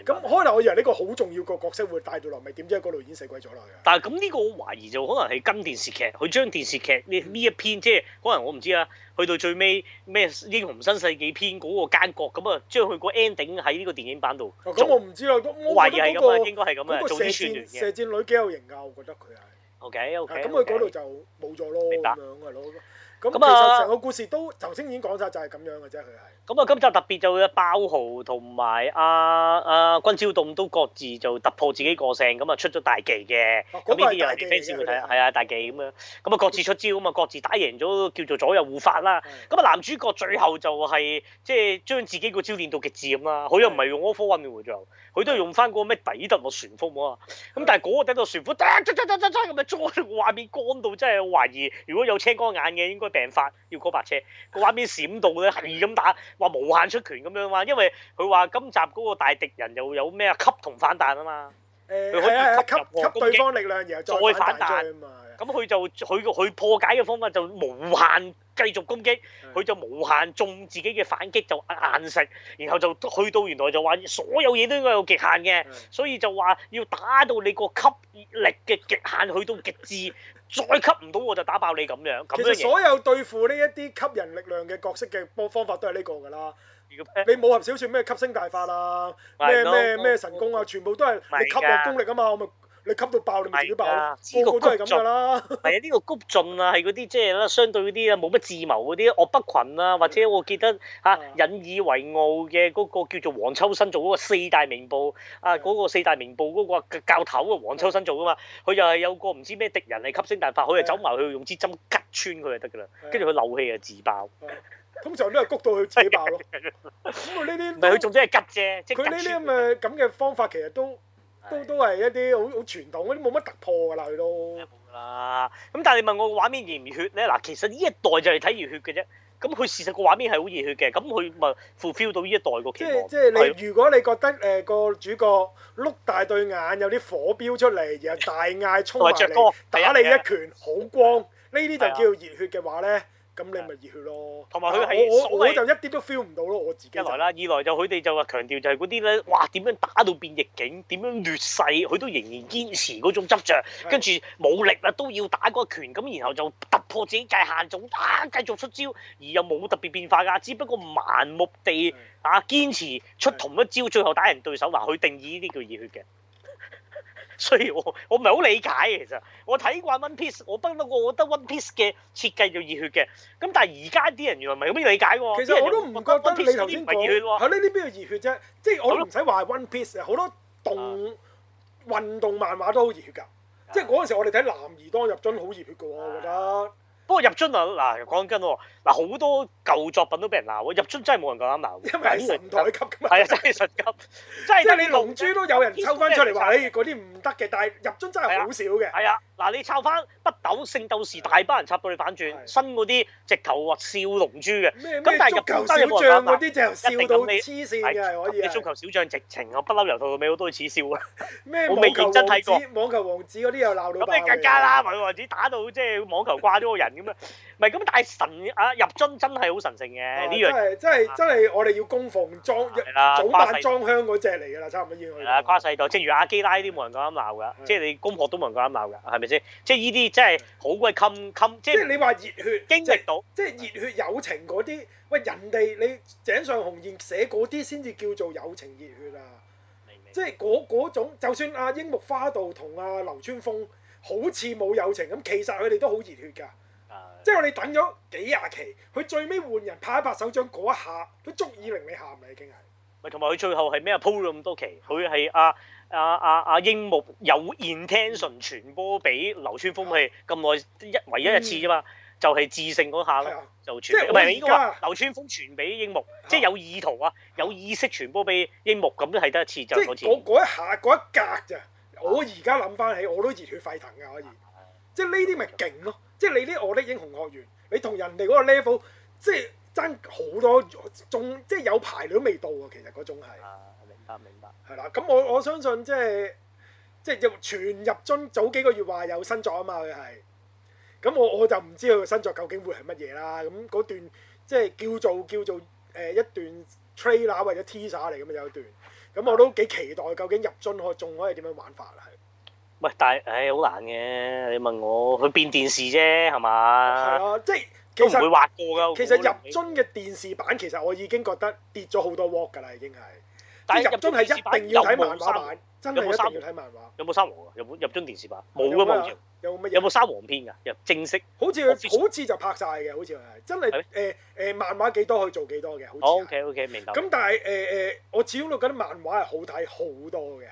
咁開頭我以為呢個好重要個角色會帶到落嚟，點知嗰度已經死鬼咗啦佢。但係咁呢個我懷疑就可能係跟電視劇佢將電視劇呢呢一篇即係可能我唔知啦，去到最尾咩英雄新世紀篇嗰個奸角咁啊，將佢個 ending 喺呢個電影版度。咁我唔知啦，我懷疑係咁啊，應該係咁啊。射箭女幾有型㗎，我覺得佢係。O K O K，咁佢嗰度就冇咗咯，咁樣嘅咯。咁其實成個故事都頭先已經講晒就係咁樣嘅啫，佢係。咁啊，今集特別就嘅爆豪同埋阿阿轟焦凍都各自就突破自己個性，咁啊出咗大忌嘅。咁呢啲 fans 會睇，係啊大忌咁樣。咁啊，各自出招，咁啊各自打贏咗叫做左右互發啦。咁啊，男主角最後就係即係將自己個招練到極尖啦。佢又唔係用阿珂運嘅喎，就佢都係用翻嗰個咩底特莫旋風啊。咁但係嗰個底特莫旋風，咁嘅畫面乾到真係我懷疑，如果有青光眼嘅應該病發，要攞白車。個畫面閃到咧，係咁打。話無限出拳咁樣嘛，因為佢話今集嗰個大敵人又有咩吸同反彈啊嘛，佢、欸、可以吸入吸吸對方力量然後再反彈，咁佢、嗯、就佢佢破解嘅方法就無限繼續攻擊，佢就無限中自己嘅反擊就硬食，然後就去到原來就話所有嘢都應該有極限嘅，嗯、所以就話要打到你個吸力嘅極限去到極致。再吸唔到我就打爆你咁樣，樣其實所有對付呢一啲吸人力量嘅角色嘅方法都係呢個㗎啦。果你武俠小說咩吸星大法啊？咩咩咩神功啊？全部都係你吸我功力啊嘛，我咪。你吸到爆你咪自己爆，個個都係咁噶啦。係啊，呢個谷盡啊，係嗰啲即係啦，相對嗰啲啊冇乜自謀嗰啲惡不群啊，或者我記得嚇引以為傲嘅嗰個叫做黃秋生做嗰個四大名捕啊，嗰個四大名捕嗰個教頭啊，黃秋生做噶嘛，佢就係有個唔知咩敵人嚟吸星大法，佢就走埋去用支針吉穿佢就得噶啦，跟住佢漏氣就自爆。通常都係谷到佢自爆咯。咁啊呢啲唔係佢仲即係吉啫，佢呢啲咁嘅咁嘅方法其實都。都都係一啲好好傳統啲，冇乜突破㗎啦，佢都。啦。咁但係你問我個畫面熱唔熱血咧？嗱，其實呢一代就係睇熱血嘅啫。咁佢事實個畫面係好熱血嘅。咁佢咪 fulfill 到呢一代個期望。即係、即係即係、你，的如果你覺得誒、呃嗰個主角碌大對眼，有啲火飆出嚟，然後大嗌衝埋嚟， 打你一拳好光，呢啲就叫熱血嘅話咧。咁你咪熱血咯，同埋佢係我我，我就一啲都 feel 唔到咯，我自己、就係。一來啦，二來就佢哋就話強調就係嗰啲咧，哇點樣打到變逆境，點樣劣勢，佢都仍然堅持嗰種執著，跟住冇力啦都要打嗰拳，咁然後就突破自己界限，仲啊繼續出招，而又冇特別變化噶，只不過盲目地啊堅持出同一招，最後打人對手，話佢定義呢啲叫熱血嘅。所以我唔係好理解其實，我睇慣 One Piece，我不嬲我覺得 One Piece 嘅設計就熱血嘅。咁但係而家啲人原來唔係咁樣理解喎。其實人人我都唔覺得你頭先講係呢啲邊度熱血啫。即係我都唔使話 One Piece 啊，好多動運動漫畫都好熱血㗎。即係嗰陣時我哋睇男兒當入樽好熱血㗎、啊、我覺得。不過入樽啊！嗱，講緊喎，嗱好多舊作品都俾人鬧，入樽真係冇人夠膽鬧，因為係神台級咁啊，係啊，真係神級，即係你龍珠都有人抽翻出嚟話誒嗰啲唔得嘅，但係入樽真係好少嘅。係啊，嗱你抄翻北斗聖鬥士，大班人插到你反轉，新嗰啲直頭話笑龍珠嘅，咁但係入樽都冇人鬧。嗰啲就笑到黐線㗎，可以。你足球小將直情啊，不嬲由頭到尾好多似笑啊。我未認真睇過。網球王子嗰啲又鬧到。咁你更加啦，網球王子打到即係網球掛咗個人。咁啊，唔係咁，但係神啊，入樽真係好神聖嘅呢樣，真係真係真係我哋要供奉裝祖扮裝香嗰隻嚟噶啦，差唔多要去啊，跨世代，正如阿基拉啲冇人夠膽鬧㗎，即係你公婆都冇人夠膽鬧㗎，係咪先？即係呢啲真係好鬼襟襟，即係你話熱血經歷到，即係熱血友情嗰啲喂，人哋你井上雄彥寫嗰啲先至叫做友情熱血啊，即係嗰種就算阿櫻木花道同阿流川楓好似冇友情咁，其實佢哋都好熱血㗎。即係我哋等咗幾廿期，佢最尾換人拍一拍手掌嗰一下，都足以令你喊啦已經係。咪同埋佢最後係咩啊？鋪咗咁多期，佢係阿阿阿阿櫻木有 intention 傳波俾流川楓嘅，咁耐一唯一一次啫嘛，就係致勝嗰下就傳。即係唔係應該話流川楓傳俾櫻木，即係有意圖啊，有意識傳波俾櫻木咁都係得一次就。即係我嗰一下嗰一格咋？我而家諗翻起我都熱血沸騰㗎可以，即係呢啲咪勁咯～即係你呢？我的英雄學院，你同人哋嗰個 level，即係爭好多，仲即係有排都未到喎。其實嗰種係。啊，明白明白。係啦，咁我我相信即係即係入全入樽，早幾個月話有新作啊嘛，佢係。咁我我就唔知佢個新作究竟會係乜嘢啦。咁嗰段即係叫做叫做誒、呃、一段 trailer 或者 teaser 嚟咁嘛。有一段。咁我都幾期待究竟入樽可仲可以點樣玩法啦？喂，但係唉，好難嘅。你問我，佢變電視啫，係嘛？係啊，即係其實唔會畫過㗎。其實入樽嘅電視版，其實我已經覺得跌咗好多鑊㗎啦，已經係。但係入樽係一定要睇漫畫版，真係一定要睇漫畫。有冇山王㗎？入入樽電視版冇啊！有冇乜嘢？有冇山王片㗎？入正式。好似佢好似就拍晒嘅，好似係真係誒誒漫畫幾多可以做幾多嘅，好似。OK OK，明白。咁但係誒誒，我始終都覺得漫畫係好睇好多嘅。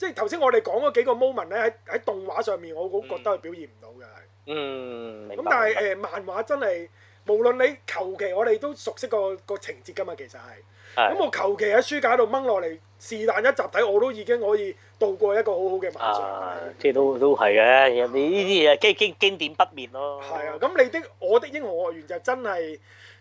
即係頭先我哋講嗰幾個 moment 咧，喺喺動畫上面，我好覺得係表現唔到嘅。嗯，明白。咁但係誒、呃、漫畫真係無論你求其，我哋都熟悉個個情節㗎嘛，其實係。咁的我求其喺書架度掹落嚟，是但一集睇我都已經可以度過一個好好嘅晚上。啊，的即係都都係嘅，你呢啲嘢經經典不滅咯。係啊，咁你的《我的英雄學院》就真係。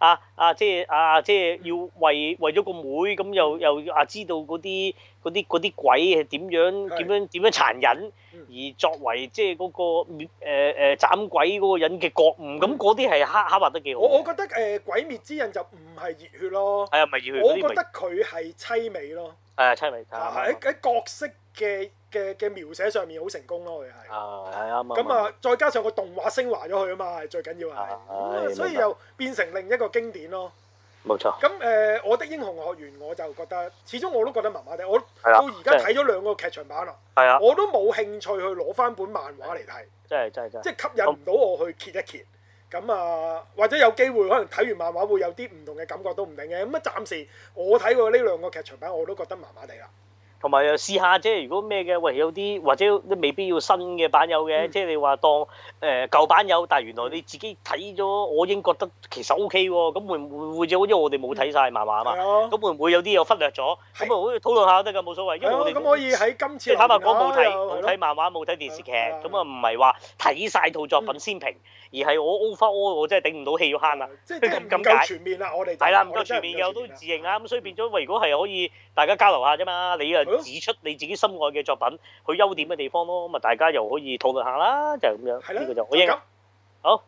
啊啊！即係啊即係、啊啊啊啊啊啊、要為為咗個妹咁，又又啊知道嗰啲啲啲鬼係點樣點樣點樣，樣，樣，樣，樣殘忍，嗯、而作為即係嗰個滅誒誒斬鬼嗰個人嘅覺悟，咁嗰啲係刻刻畫得幾好我。我我覺得誒、呃、鬼滅之刃就唔係熱血咯。係啊，唔係熱血。我覺得佢係淒美咯。係啊，淒美。喺、嗯、喺、嗯、角色嘅。嘅嘅描寫上面好成功咯，佢係，咁啊，啊那、嗯、再加上個、嗯、動畫昇華咗佢啊嘛，係最緊要係，所以又變成另一個經典咯。冇錯錯。咁誒、呃，我的英雄學院我就覺得，始終我都覺得麻麻地，我到而家睇咗兩個劇場版啦，的我都冇興趣去攞翻本漫畫嚟睇。即係吸引唔到我去揭一揭，咁啊、嗯、或者有機會可能睇完漫畫會有啲唔同嘅感覺都唔定嘅，咁啊暫時我睇過呢兩個劇場版我都覺得麻麻地啦。同埋又試下即係如果咩嘅，喂，有啲或者都未必要新嘅版友嘅，即係你話當誒舊版友，但係原來你自己睇咗，我已經覺得其實 O K 喎。咁會唔會只好似我哋冇睇晒漫畫啊嘛？咁會唔會有啲嘢忽略咗？咁啊，可以討論下得㗎，冇所謂。係啊，咁可以喺今次。坦白講，冇睇冇睇漫畫，冇睇電視劇，咁啊唔係話睇晒套作品先評。而係我 over over，我真係頂唔到氣要慳啦，即係咁咁。唔夠全面啦，我哋係啦，唔夠全面嘅，我,面我都自認啊，咁、嗯、所以變咗。如果係可以大家交流下啫嘛，你又指出你自己心愛嘅作品去優點嘅地方咯，咁啊大家又可以討論下啦，就係、是、咁樣呢個就我應就好。